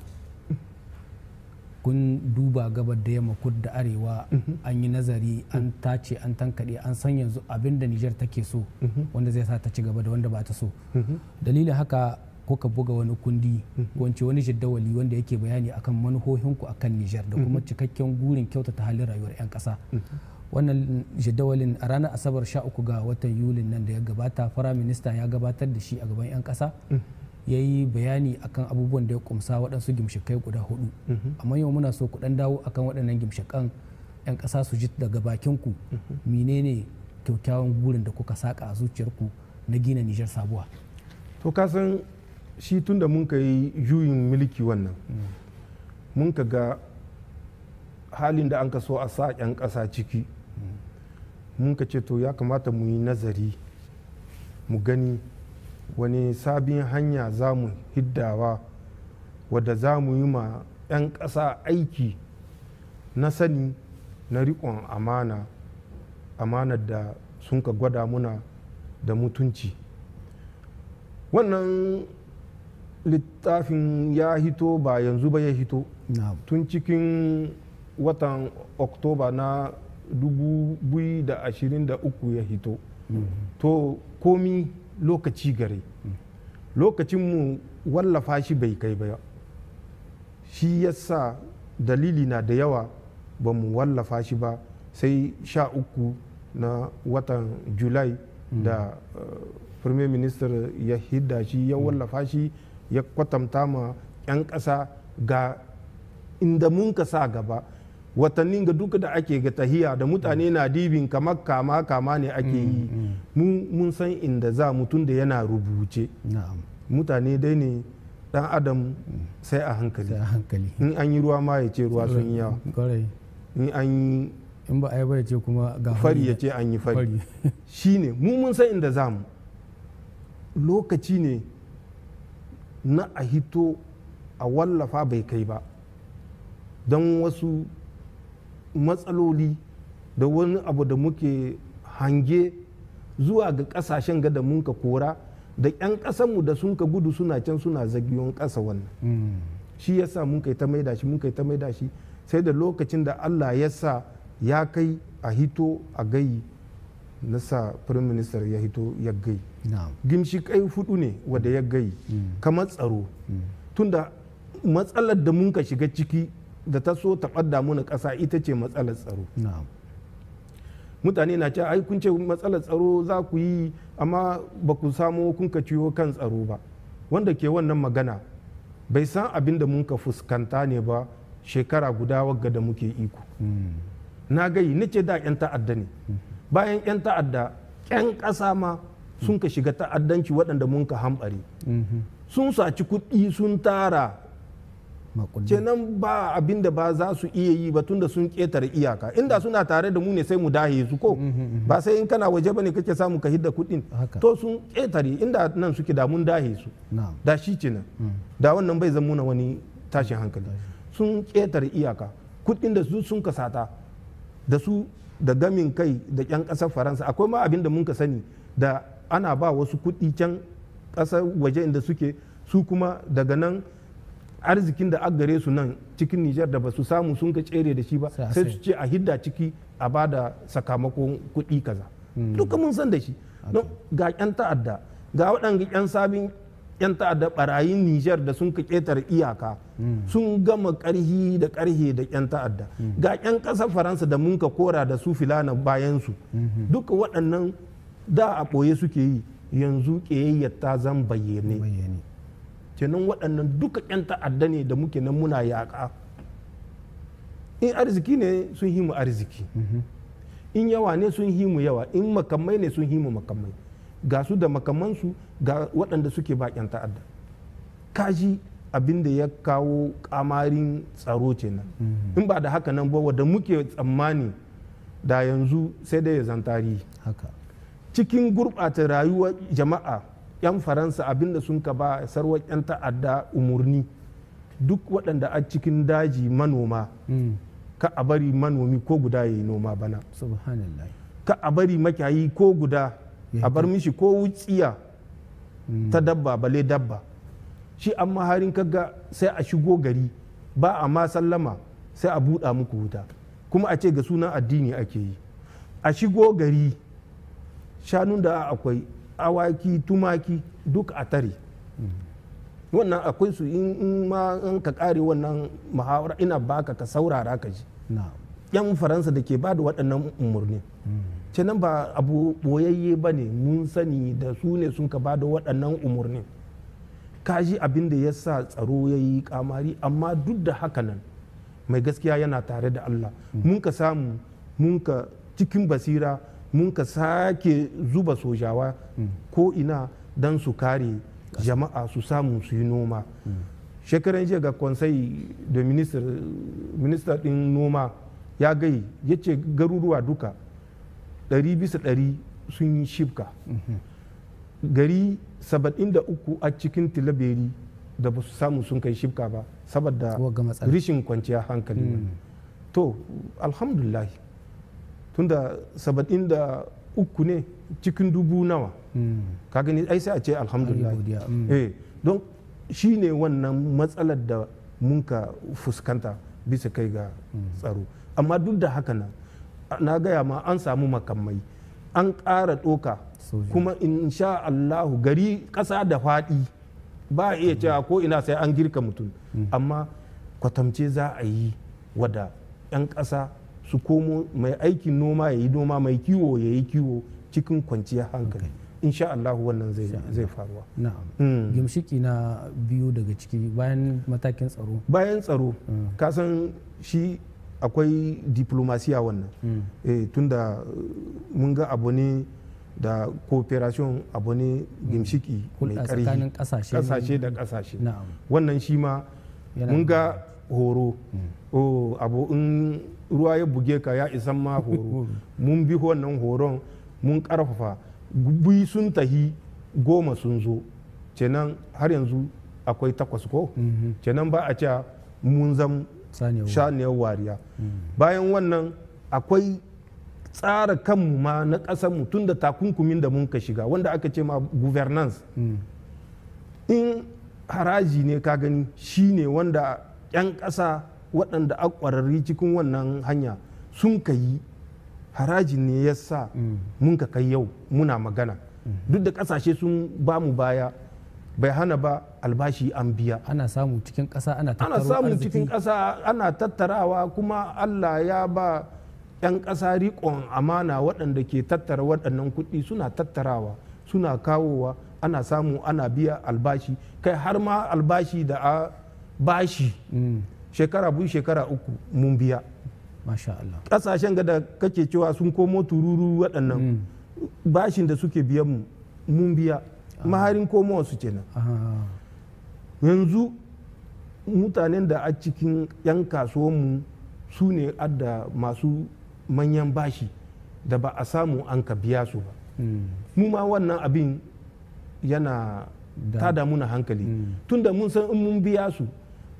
kun duba gabar da yamma kud da arewa mhm. an yi nazari an tace an tankaɗe an san yanzu abin da nijar take so mhm. wanda zai sa ta ci gaba da wanda ba ta so mhm. dalilin haka kuka buga wani kundi wance wani jaddawali wanda yake bayani akan manuhohin manuhohinku akan nijar da kuma cikakken gurin kyautata halin rayuwar 'yan ƙasa wannan jadawalin a ranar asabar 13 ga watan yulin nan da ya gabata firaminista ya gabatar da shi a gaban 'yan ƙasa ya yi bayani akan abubuwan da ya kumsa waɗansu gimshikai guda hudu mhm. amma yau muna so ku ɗan dawo akan waɗannan gimshikan 'yan ƙasa su ji daga bakinku mhm. menene kyakkyawan gurin da kuka saka a zuciyarku na gina nijar sabuwa to kasan shi tun da mun ka yi juyin mulki wannan mm. mun ka ga halin da an ka so a sa 'yan ƙasa ciki mm. mun ka ce to ya kamata mu yi nazari mu gani wani sabin hanya za mu hiddawa wadda za mu yi ma 'yan ƙasa aiki na sani na riƙon amana amanar da sun ka gwada muna da mutunci wannan littafin ya hito ba yanzu ba ya hito tun cikin watan oktoba na 2023 ya hito mm-hmm. to komi lokaci gare lokacin mu wallafa shi bai kai ba shi yasa dalili na da yawa ba mu wallafa shi ba sai sha uku na watan julai mm. da eh, premier minister ya hidda shi ya mm. wallafa shi ya kwatanta ma 'yan ƙasa ga inda mun ka sa gaba watannin ga duka da ake ga tahiya da mutane mm. na dibin kamar kama kama ne ake yi mm, mm. mun san inda za mutum da yana rubuce mutane dai ne dan adam sai a hankali in an yi ruwa ma ya ce ruwa sun yi yawa in an yi in ba a yi ba ya ce kuma ga fari ya ce an yi fari shi ne mun san inda za mu lokaci ne na a hito a wallafa bai kai ba don wasu matsaloli da wani abu da muke hange zuwa ga kasashen ga da mun ka kora da 'yan kasanmu da sun ka gudu suna can suna zagiyon kasa wannan mm. shi yasa mun kai ta maida shi mun kai ta maida shi sai da lokacin da allah ya sa ya kai a hito a gai na sa prime minister ya hito ya gai gimshi kai hudu ne wadda ya gai mm. kamar tsaro mm. tunda matsalar da mun ka shiga ciki da ta so ta ɓadda muna ƙasa ita ce matsalar tsaro mutane na ce ai kun ce matsalar tsaro za ku yi amma ba ku samo kun ka ciwo kan tsaro ba wanda ke wannan magana bai san abin da mun ka fuskanta ne ba shekara guda wagga da muke iko hmm. na gai ni ce da 'yan ta'adda ne hmm. bayan 'yan ta'adda 'yan ƙasa ma sun ka shiga ta'addanci waɗanda mun ka hambare hmm. sun saci kuɗi sun tara kenan ba abin da ba za su iya yi ba tunda sun ketare iyaka inda mm-hmm. suna tare da mu ne sai mu dahe su ko mm-hmm, mm-hmm. ba sai in kana waje bane kake samu ka hidda kudin to sun ketare inda nan suke da mun dahe su da shi ce nan mm. da wannan bai zama wani tashin mm. hankali sun ketare iyaka kudin da su sun kasata da su da gamin kai da yan ƙasar faransa akwai ma abin da mun ka sani da ana ba wasu kudi can kasar waje inda suke su kuma daga nan arzikin da gare su nan cikin nijar da ba su samu sun ka tsere da shi ba sai su ce a hidda ciki a bada da sakamakon kuɗi kaza hmm. duka mun san da shi ga 'yan ta'adda ga waɗanda 'yan sabin 'yan ta'adda ɓarayin Nijar da sun ka ƙetare iyaka hmm. sun gama ƙarhi da ƙarhe da 'yan ta'adda hmm. ga 'yan ƙasar faransa da mun ka kora da su filana bayansu duka waɗannan da a ɓoye suke yi yanzu ke ta zan bayyane kenan waɗannan duka 'yan ta'adda ne da muke nan muna yaƙa in arziki ne sun himu arziki mhm. in yawa ne sun himu yawa in makamai ne sun himu makamai ga su da makamansu ga waɗanda suke baƙin ta'adda kaji abin da ya kawo kamarin tsaro ce nan mhm. in ba da haka nan ba da muke tsammani da yanzu sai dai ya zan tarihi cikin gurɓata rayuwar jama'a 'yan faransa abinda sun ka ba sarwar 'yan ta'adda umarni duk waɗanda a cikin daji manoma mm. ka a bari manomi ko guda ya yi noma bana ka a bari makiyayi ko guda a bar mishi ko wutsiya mm. ta dabba bale dabba shi amma harin kaga sai a shigo gari ba a ma sallama sai a buɗa muku wuta kuma a ce ga sunan addini ake yi a shigo gari shanun da akwai awaki tumaki duk a tare wannan akwai su in ma an ka kare wannan muhawara ina baka ka saurara ka ji yan faransa da ke ba da waɗannan umarni ce hmm. nan ba abu boyayye ba ne mun sani da su ne sun ka ba da waɗannan umarni ka ji abin da ya sa tsaro ya yi kamari amma duk da haka nan mai gaskiya yana tare da allah hmm. mun ka samu mun ka cikin basira mun ka sake zuba sojawa ko ina don su kare jama'a su samu su yi noma shekaran jiya ga konsai da minista din noma ya gai ya ce garuruwa duka ɗari bisa ɗari sun yi shifka gari 73 a cikin tilaberi da ba su samu sun kai shifka ba saboda rishin kwanciya hankali mm. to alhamdulahi tunda saba'in da uku ne cikin dubu nawa hmm. ka gani ai sai a ce alhamdulillah hmm. eh don shi ne wannan matsalar da mun ka fuskanta bisa kai ga hmm. tsaro amma duk da haka nan na gaya ma an samu makamai an ƙara ɗoka kuma insha Allahu gari ƙasa da faɗi ba a iya cewa ko ina sai an girka mutum amma kwatamce za a yi wada 'yan ƙasa su komo mai aikin noma ya yi noma mai kiwo ya yi kiwo cikin kwanciyar hankali insha Allah wannan zai faruwa na'am hmm. gimshiki na biyu daga ciki bayan matakin tsaro bayan tsaro hmm. kasan shi akwai diplomasiya wannan hmm. eh, tunda eh, mun ga abu ne da cooperation abu ne gimshiki mai karfi kasashe da kasashe wannan shi ma mun ga horo oh, abu in ruwa ya buge ka ya isan ma horo mun bi wannan horon mun karfafa bi sun tahi goma sun zo kenan har yanzu akwai takwas ko mhm. kenan ba a cewa mun zam shaniyar wariya mhm. bayan wannan akwai tsara kanmu ma na ƙasar mu tun da takunkumin da mun ka shiga wanda aka ce ma governance mhm. in haraji ne ka gani shi ne wanda 'yan ƙasa waɗanda a ƙwararri cikin wannan hanya sun ka yi haraji ne ya sa mm. mun ka kai yau muna magana mm. duk da ƙasashe sun ba mu baya bai hana ba albashi an biya ana samu cikin ƙasa ana tattarawa samu cikin ƙasa ana tattarawa kuma allah ya ba 'yan ƙasa riƙon amana waɗanda ke tattara waɗannan kuɗi suna tattarawa suna kawowa ana samu ana biya albashi kai har ma albashi da a bashi mm. shekara biyu shekara uku mun biya ƙasashen ga da kake cewa sun komo tururu waɗannan mm. bashin da suke biyan mu mun biya ah. maharin komowa su kenan ah. yanzu mutanen da a cikin 'yan kasuwanmu su ne adda masu manyan bashi da ba a samu an ka biya su ba mm. mu ma wannan abin yana tada muna hankali mm. tunda mun san in mun biya su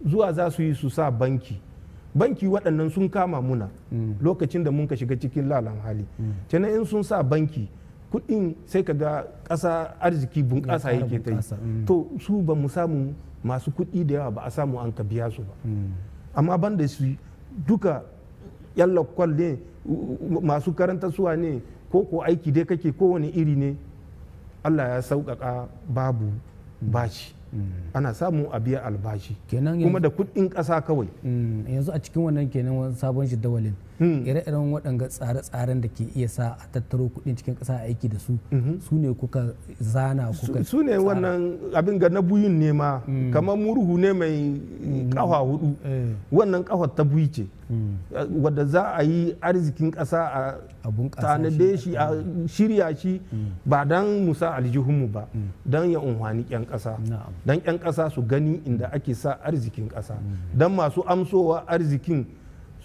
zuwa za su yi su sa banki banki waɗannan sun kama muna mm. lokacin da mun ka shiga cikin lalan hali mm. kenan in sun sa banki kuɗin sai ka ga ƙasa arziki bunƙasa yake ta yi mm. to su ba mu samu masu kuɗi da yawa ba a samu an ka biya su ba amma ban da su duka yan kwal ne masu karanta suwa ne ko ko aiki dai kake kowane iri ne allah ya sauƙaƙa babu bashi Mm. ana samu a biya albashi kuma da kudin kasa kawai mm, yanzu a cikin wannan kenan sabon shi dawalin Hmm. ire-iren waɗanga tsare-tsaren da ke iya sa a tattaro kuɗin cikin ƙasa aiki da su mhm. su ne kuka zana kuka su ne wannan abin ga na buyin ne ma hmm. kamar murhu ne mai hmm. ƙafa hudu eh. wannan ƙafa ta buyi ce wadda za a yi arzikin ƙasa a tanade shi a shirya shi ba don musa aljihunmu ba don ya unhwani 'yan ƙasa dan 'yan ƙasa su gani inda ake sa arzikin ƙasa dan masu amsowa arzikin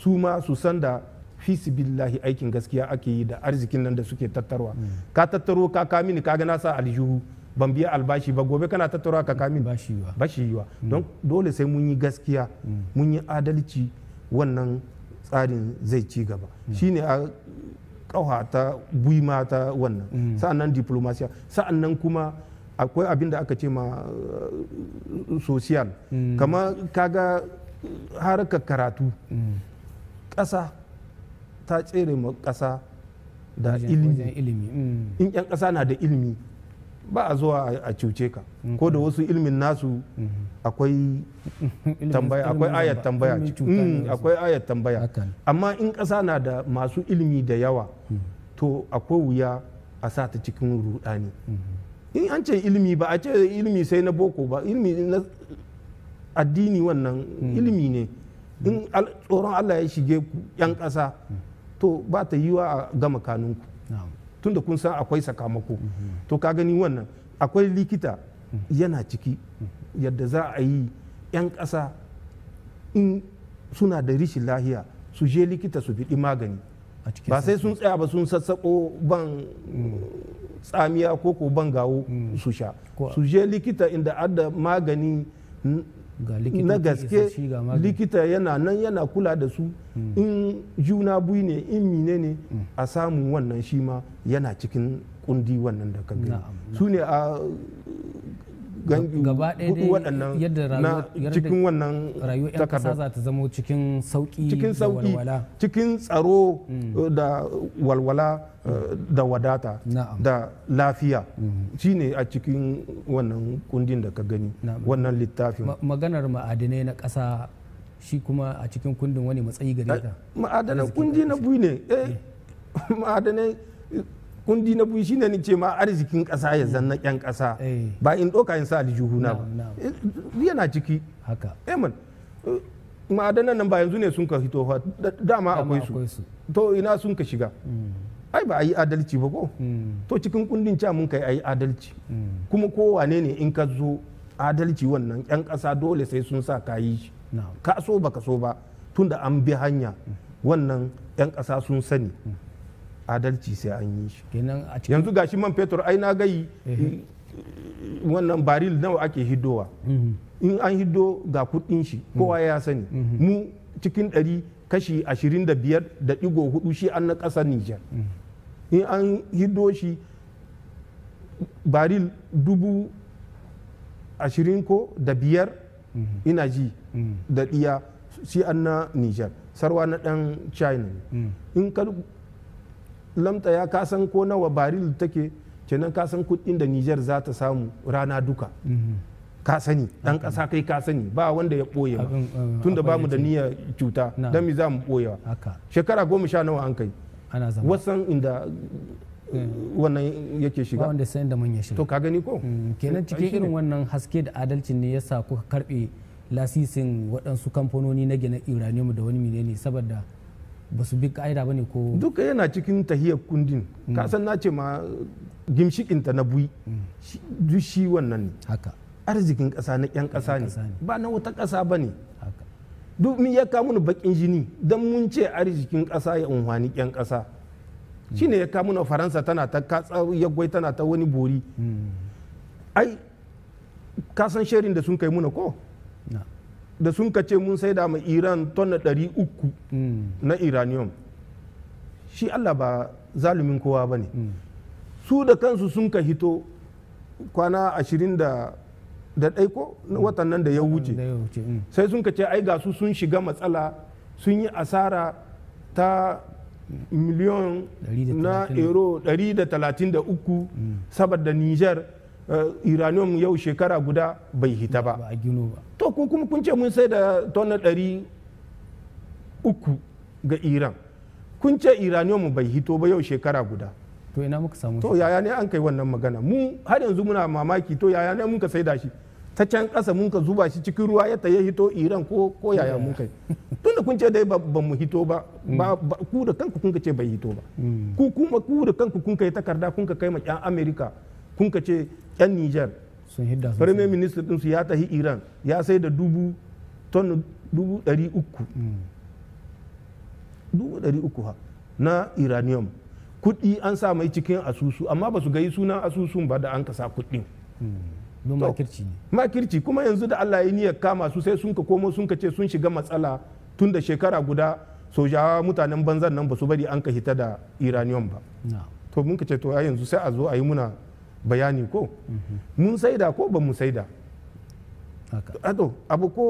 su ma su san da fisibillahi aikin gaskiya ake yi da arzikin nan da suke tattarwa hmm. ka tattaro ka kamini ka gana sa aljihu ban biya albashi ba gobe kana tattaro ka ba bashi yiwa hmm. don dole sai mun yi gaskiya hmm. mun yi adalci wannan tsarin zai ci gaba shine a kauha ta buima ta wannan sa'annan diplomasiya sa'annan kuma akwai abin da aka ce ma eh, social kama kaga harkar karatu ƙasa ta tsere ma ƙasa da ilimi mm. in 'yan ƙasa na da ilimi ba a zuwa a cuce ka mm-hmm. ko da wasu ilimin nasu mm-hmm. akwai tambaya mm, akwai ayat tambaya akwai ayat tambaya amma in ƙasa na da masu ilimi da yawa mm. to akwai wuya a sa ta cikin rudani mm-hmm. in an ce ilimi ba a ce ilimi sai na boko ba ilimi na addini wannan ilimi ne in tsoron Allah ya shige ku yan ƙasa to ba ta yiwa a gama kanunku tunda kun san akwai sakamako mhm. to ka gani wannan akwai likita mhm. yana ciki yadda za a yi 'yan ƙasa in suna da rishin lahiya su je likita su fiɗi magani ba sai sun tsaya ba sun sassaƙo ban mm. tsamiya ko ko ban gawo mm. su sha su je likita inda adda magani na gaske likita yana nan yana kula da su hmm. in juna bui ne in mine ne hmm. a samun wannan shi ma yana cikin kundi wannan da ka gani su ne a gaba ɗaya yadda cikin wannan rayuwar kasa za ta zama cikin sauki da walwala. cikin tsaro mm. eh, da walwala eh, da wadata da lafiya mm. shine a cikin wannan kundin da ka gani wannan littafin maganar ma'adinai na ƙasa shi kuma a cikin kundin wani matsayi gare eh, ta ma'adanan kundi na bui ne ma'adanai kundi na buyi shine ni ce ma arzikin ƙasa ya zanna ƴan ƙasa eh. ba in ɗoka in sa na ba eh, yana ciki haka eh, amen ma'adanan nan ba yanzu ne sun ka hito dama akwai su to ina sun ka shiga hmm. ai ba a yi adalci ba ko hmm. to cikin kundin ca mun kai a yi adalci hmm. kuma kowane ne in ka zo adalci wannan yan ƙasa dole sai sun sa ka yi shi ka so ba ka so ba tunda an bi hanya wannan yan ƙasa sun sani adalci sai an yi shi yanzu gashi man fetur ai na gai wannan baril nawa ake hidowa mhm. in an hido ga kudin shi mhm. kowa ya sani mhm. mu cikin ɗari kashi ashirin da biyar da ɗigo hudu shi an na ƙasar nijar in an hiddo shi baril dubu ashirin ko da biyar ina ji da ɗiya shi an na nijar sarwa na ɗan china in lamta ya kasan ko nawa baril take kenan kasan kudin da niger za ta samu rana duka mhm. ka sani dan kasa kai ka sani ba wanda ya boye ba eh, tun da bamu da niyya cuta dan mi za mu wa shekara goma sha nawa an kai wasan inda eh. wannan yake shiga wanda sai da mun ya shiga to ka gani ko mm, kenan cikin irin wannan haske da adalcin ne yasa kuka karbe lasisin waɗansu kamfanoni na gina uranium da wani menene saboda ba su bi ka'ida ba ne ko duka yana cikin tahiyar kundin mm. ka san na ce ma uh, ta na bui mm. duk shi wannan ne arzikin ƙasa na ƴan ƙasa ne ba na wata ƙasa ba ne duk min ya kawo bakin jini don mun ce arzikin ƙasa ya unhwani ƴan ƙasa mm. shine ya kawo faransa tana ta katsa gwai tana ta wani bori ai kasan sharin da sun kai muna ko da sun kace mun saida mai iran tonna 300 mm. na iranium shi allah ba zalumin kowa ba ne mm. su da kansu sun ka hito kwana ashirin da ɗaiko mm. watan nan da ya wuce sai sun ka ai ga su sun shiga matsala sun yi asara ta miliyon na euro 133 saboda niger Eh, uranium yau shekara guda bai hita ba to kuma kun ce mun sai da tona ɗari uku ga iran kun ce uranium bai hito ba yau shekara guda to ina muka samu to yaya ne an kai wannan magana mu har yanzu muna mamaki to yaya ne muka saida shi ta can ƙasa mun ka zuba shi cikin ruwa ya ya hito iran ko ko yaya mun kai tun da kun ce dai ba mu hito mm. ba ku da kanku kun ka ce bai hito ba mm. ku kuma ku da kanku kun kai takarda kun ka kai ma yan amerika kun ka ce 'yan nijar premier minister ɗinsu ya tahi iran ya sai da dubu ton dubu ɗari uku mm. dubu ɗari uku ha na iranium kuɗi an sa mai cikin asusu amma ba su gayi sunan asusun ba da an ka sa kuɗi. Mm. makirci makirci kuma yanzu da allah ya niyyar kama su sai sun ka komo sun ka ce sun shiga matsala tun da shekara guda sojawa mutanen banzan nan ba su bari an ka hita da iranium ba to mun ka ce to yanzu sai a zo a yi muna bayani ko mhm. mun saida ko ba mu saida ato ah, abu ko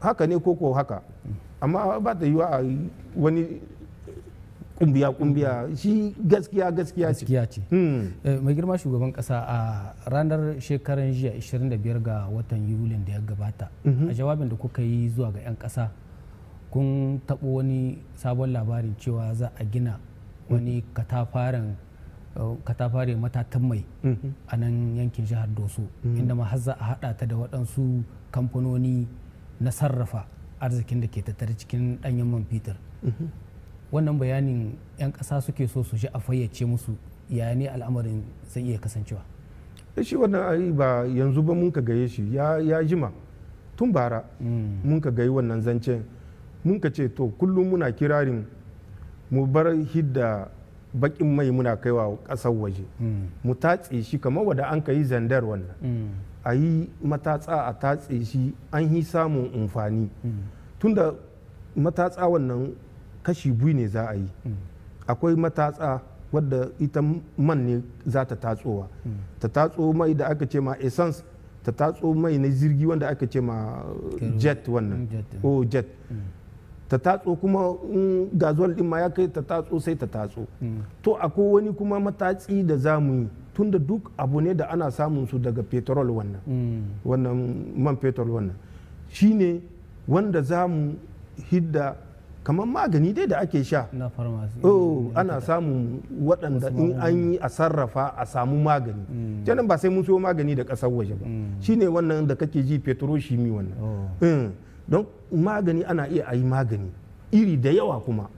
haka ne ko ko haka mhm. amma ba ta yi wa wani kumbiya kumbiya mhm. shi gaskiya gaskiya ce gaskiya ce hmm. eh, mai girma shugaban kasa a ranar shekaran jiya 25 ga watan yulin da ya gabata a jawabin da kuka yi zuwa ga 'yan kasa kun taɓo wani sabon labarin cewa za a gina wani katafaren Uh, katafare matatan mai mhm. a nan yankin jihar doso mhm. inda ma har za a haɗa ta da waɗansu kamfanoni na sarrafa arzikin da ke tattare cikin ɗanyen man fitar. Mhm. wannan bayanin 'yan ƙasa suke so su ji a fayyace musu ya ne al'amarin zai iya kasancewa eh, shi wannan ai ba yanzu ba mun ka gaye shi ya jima tun bara mm. mun ka gaye wannan zancen mun ka ce to kullum muna kirarin mu bar hidda bakin mai muna kaiwa ƙasar waje mm. mu tatse shi kamar wanda an yi zandar wannan mm. a yi matatsa a tatse shi an yi samun amfani mm. tunda matatsa wannan kashi biyu ne za a yi akwai matatsa wadda ita man ne za ta tatsowa ta tatso mai da aka ce ma essence ta tatso mai na jirgi wanda aka ce ma jet wannan o jet eh. oh, ta tatso kuma gazuwar din ma ya kai ta tatso sai ta tatso to akwai wani kuma matatsi da za mu yi tunda duk abu ne da ana samun su daga petrol wannan mm. wannan man petrol wannan shine wanda za mu hidda kamar magani dai da ake sha na farmasi, oh ana samun waɗanda in an yi a sarrafa a samu magani mm. kenan ba sai mun siyo magani da ƙasar waje ba mm. shine wannan da kake ji petrol petrochimi wannan oh. eh. don magani ana iya a magani iri da yawa kuma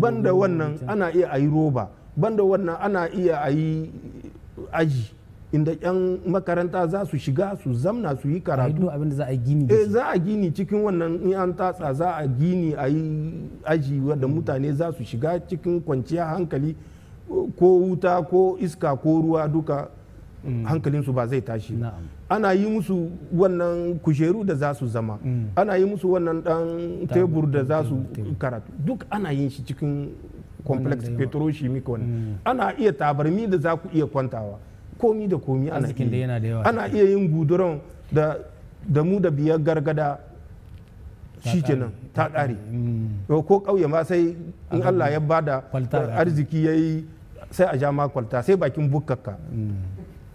banda wannan ana iya a yi roba banda wannan ana iya a yi aji inda 'yan makaranta za su shiga su zamna su yi karatu za gini e, za a gini cikin wannan in an tatsa za a gini a yi aji wadda hmm. mutane za su shiga cikin kwanciya hankali ko wuta ko iska ko ruwa duka hmm. hankalinsu ba zai tashi ana yi musu wannan kujeru da za su zama mm. ana yi musu wannan dan tebur da za su karatu duk ana yin shi cikin complex petrochemical wani mm. ana iya tabarmi da za ku iya kwantawa komi da komi ana iya ana iya yin guduron da da mu da biyar gargada shi kenan ta ƙare mm. ko ƙauye ma sai in Allah ya bada arziki ya yi sai a ja kwalta sai bakin bukkaka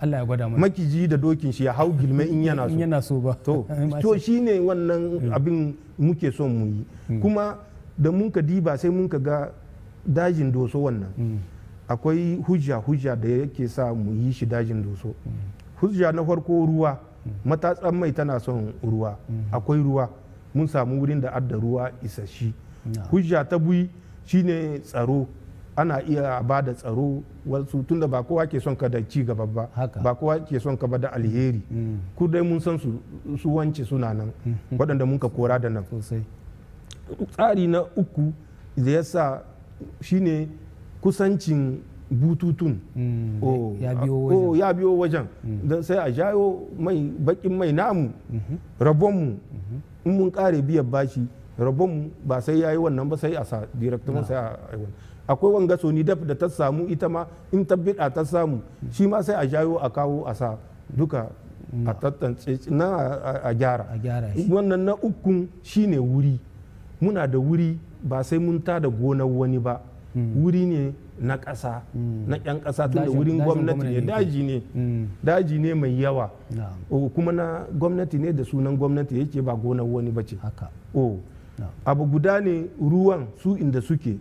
Allah ya gwada mana makiji da dokin shi ya hau gilme in yana so yana so ba to to shine wannan hmm. abin muke son mu yi hmm. kuma da mun ka diba sai mun ka ga dajin doso wannan hmm. akwai hujja hujja da yake sa mu yi shi dajin doso hujja na farko ruwa matatsan mai tana son ruwa akwai ruwa mun samu wurin da adda ruwa isashi hujja ta bui shine tsaro ana iya ba da tsaro wasu tunda ba kowa ke son ka da ci gaba ba ba kowa ke son ka ba da alheri mm. ku dai mun san su wance suna nan mm. waɗanda mun ka kora da nan tsari na uku da ya sa shine kusancin bututun mm. oh, ya biyo wajen don oh, sai a jayo mai bakin mai namu mm-hmm. rabonmu mm-hmm. in mun kare biyan bashi rabonmu ba sai ya yi wannan ba sai a sa direktoman sai a yi wannan akwai wanga soni daf da ta samu ita ma in ta ta samu shi ma sai a jayo a kawo a sa duka a tattance na a gyara wannan na ukun shi ne wuri muna da wuri ba sai mun da gonar wani ba hmm. wuri ne na ƙasa hmm. na 'yan ƙasa tun da wurin gwamnati ne daji ne hmm. daji ne mai yawa kuma na gwamnati ne da sunan gwamnati yake ba gonar wani ba ce abu guda ne ruwan su inda suke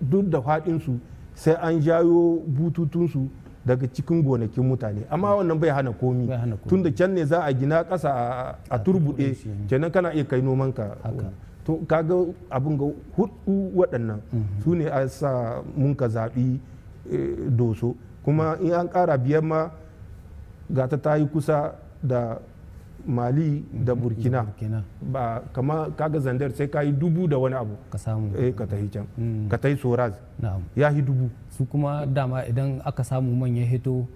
duk da faɗinsu sai an jayo bututunsu daga cikin gonakin mutane amma mm. wannan bai hana komi tunda da can ne za a gina ƙasa a turbuɗe kenan kana iya kai ka to kaga abin ga hudu waɗannan mm-hmm. su ne a sa mun ka zaɓi eh, doso kuma in an ƙara biyar ma gata ta yi kusa da mali mhm, da burkina ba kama kaga zandar sai ka yi dubu da wani abu ka samu eh ka tahi can mm. ka tahi soraz ya yi dubu su kuma dama idan aka samu manyan hito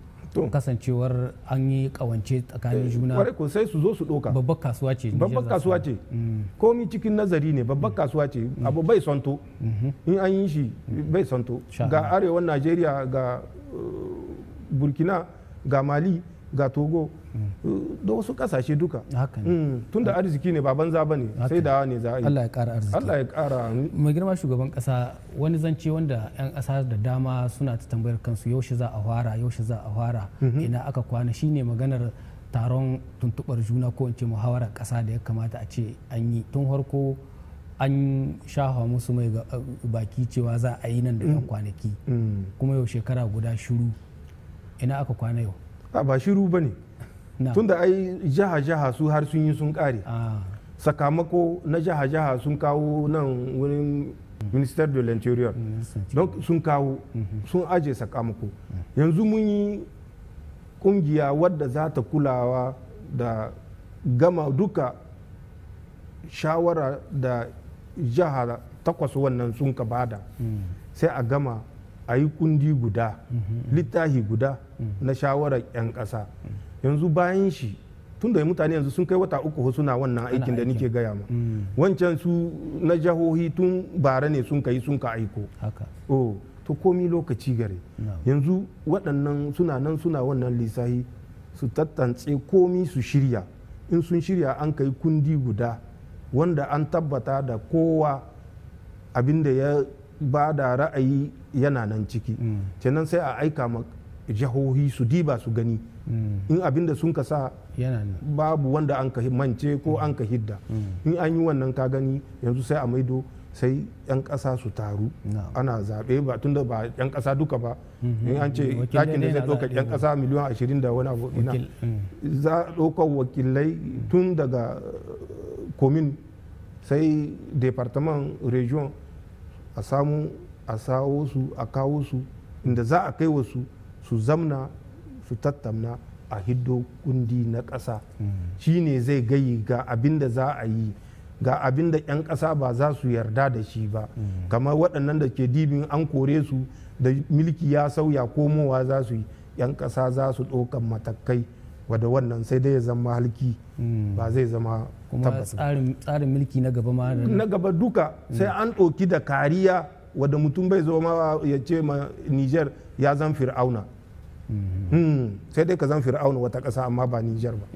kasancewar an yi kawance tsakanin eh, juna kwarai ko sai su zo su doka babbar kasuwa ce babbar kasuwa ce mm. komi cikin nazari ne babbar mm. kasuwa ce abu bai santo mm-hmm. in an yi shi bai santo ga arewan najeriya ga uh, burkina ga mali ga togo mm. da wasu kasashe duka mm. tunda arziki ne ba banza ba ne sai da ne za a yi allah ya kara arziki allah ya kara mai girma shugaban kasa wani zance wanda yan kasa da dama suna ta tambayar kansu yaushe za a fara yaushe za a fara mhm. ina aka kwana shine maganar taron tuntubar juna ko ce muhawarar kasa da ya kamata a ce an yi tun farko an shafa musu mai eh, baki cewa za a yi nan da yan mm. kwanaki kuma yau shekara guda shiru ina aka kwana yau ba shiru ba ne tunda ai jaha-jaha su har sun yi sun kare ah. sakamako na jaha-jaha sun kawo nan wurin minister de l'interior don sun kawo mhm. sun aje sakamako yanzu mun yi kungiya wadda za ta kulawa da gama duka shawara da jiha takwas wannan sun ka bada mm. sai a gama a yi kundi guda mhm. Littafi guda mhm. na shawarar 'yan ƙasa yanzu bayan shi tun da mutane yanzu sun kai wata uku suna wannan aikin da nike gaya ma mm. wancan su na jahohi tun bara ne sun kai sun ka aiko to komi lokaci gare yanzu waɗannan suna nan suna wannan lissafi su tattance komi su shirya in sun shirya an kai kundi guda wanda an tabbata da kowa abin da ya ba da ra'ayi yana nan ciki mm. kenan sai a aika ma jihohi su diba su gani mm. in abin da sun ka sa babu wanda an ka mance ko mm. an ka hidda in an yi wannan ka gani yanzu sai a maido sai 'yan kasa su taru ana zaɓe ba tunda ba 'yan kasa duka ba mm-hmm. in an ce ɗakin da zai ɗauka 'yan kasa miliyan ashirin da wani abu ina za a ɗaukar wakilai tun daga eh, komin sai departement region a samu a sawo su a kawo su inda za a kai wasu su zamna su tattamna a hiddo kundi na ƙasa mm. shi ne zai gayi ga abin da za a yi ga abin da 'yan ƙasa ba za su yarda da shi ba mm. kamar waɗannan da ke dibin an kore su da milki ya sauya komowa za su yi 'yan ƙasa za su ɗaukan matakai wadda wannan sai dai ya zama halki mm. ba zai zama kuma tsarin mulki na gaba ma na gaba duka sai mm. an ɗoki da kariya wadda mutum bai zama ma ya ce ma niger ya zan fir'auna mm-hmm. hmm, sai dai ka zan fir'auna wata ƙasa amma ba niger ba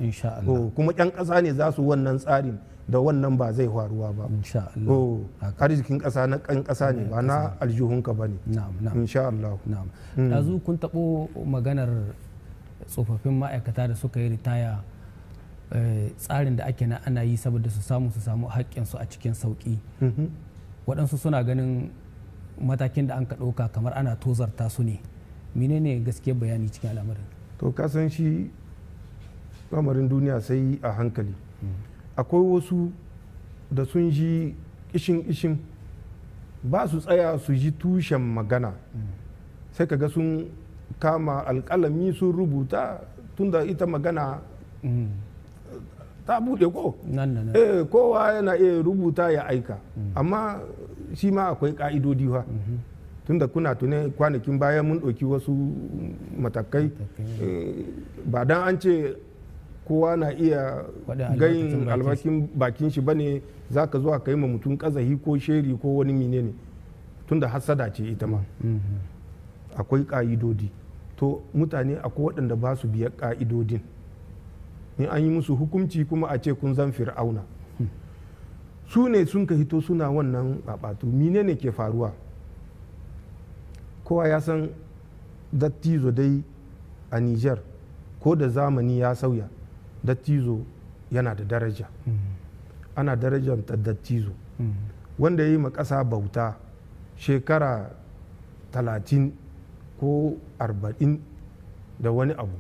oh, kuma ƴan ƙasa ne za su wannan tsarin da wannan ba zai faruwa ba oh, arzikin ƙasa na ƙan ƙasa ne ba na aljihunka ba ne insha hmm. ɗazu kun taɓo maganar tsofaffin ma'aikata da suka yi ritaya Eh, tsarin da ake na ana yi saboda su samu su samu haƙƙinsu a cikin sauƙi mm-hmm. waɗansu suna ganin matakin da an ka ɗauka kamar ana tozarta su ne menene gaske bayani cikin al'amarin to kasan shi lamarin duniya sai a hankali mm. akwai wasu da sun ji ishin-ishin ba su tsaya su ji tushen magana mm. sai ka ga sun kama alkalami sun rubuta tunda ita magana mm. ta bude ko eh kowa yana iya rubuta ya aika mm. amma shi ma akwai ka'idodi fa mm-hmm. tunda kuna tune kwanakin baya mun ɗauki wasu matakai eh, ba dan an ce kowa na iya gayin albakin bakin shi bane za ka zuwa ka yi mutum kazahi ko sheri ko wani mine ne tunda hasada ce ita ma mm-hmm. akwai ka'idodi to mutane akwai waɗanda ba su biya ka'idodin in an yi musu hukunci kuma a ce kun zan fir'auna su ne sun ka hito suna wannan babatu mine ne ke faruwa kowa ya san dattizo dai a niger ko da zamani ya sauya dattizo yana da daraja mm-hmm. ana darajar ta dattizo mm-hmm. wanda ya yi ma ƙasa bauta shekara talatin ko arba'in da wani abu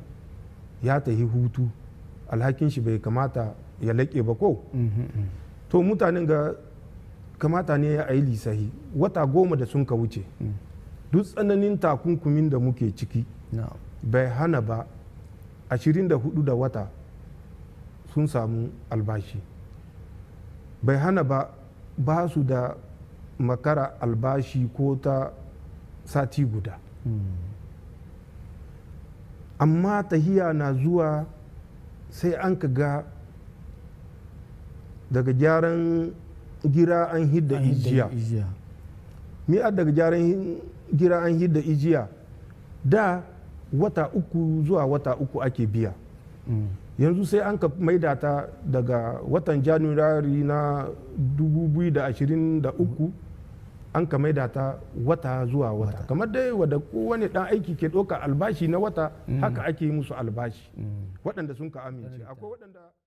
ya tahi hutu alhakin shi bai kamata ya laƙe ba ko to mutanen ga kamata ne ya ayi lisahi wata goma da sun ka wuce duk tsananin takunkumin da muke ciki bai hana ba ashirin da hudu da wata sun samu albashi bai hana ba ba su da makara albashi ko ta sati guda hmm. amma tahiya na zuwa sai an ka ga daga gyaran gira an hidda ijiya mi'a daga gyaran gira an hidda ijiya da wata uku zuwa wata uku ake biya mm. yanzu sai an ka maida ta daga watan januari na 2023 an ka maida ta wata zuwa wata kamar dai wadda kowane dan aiki ke ɗauka albashi na wata mm. haka ake yi musu albashi mm. waɗanda sun ka amince akwai waɗanda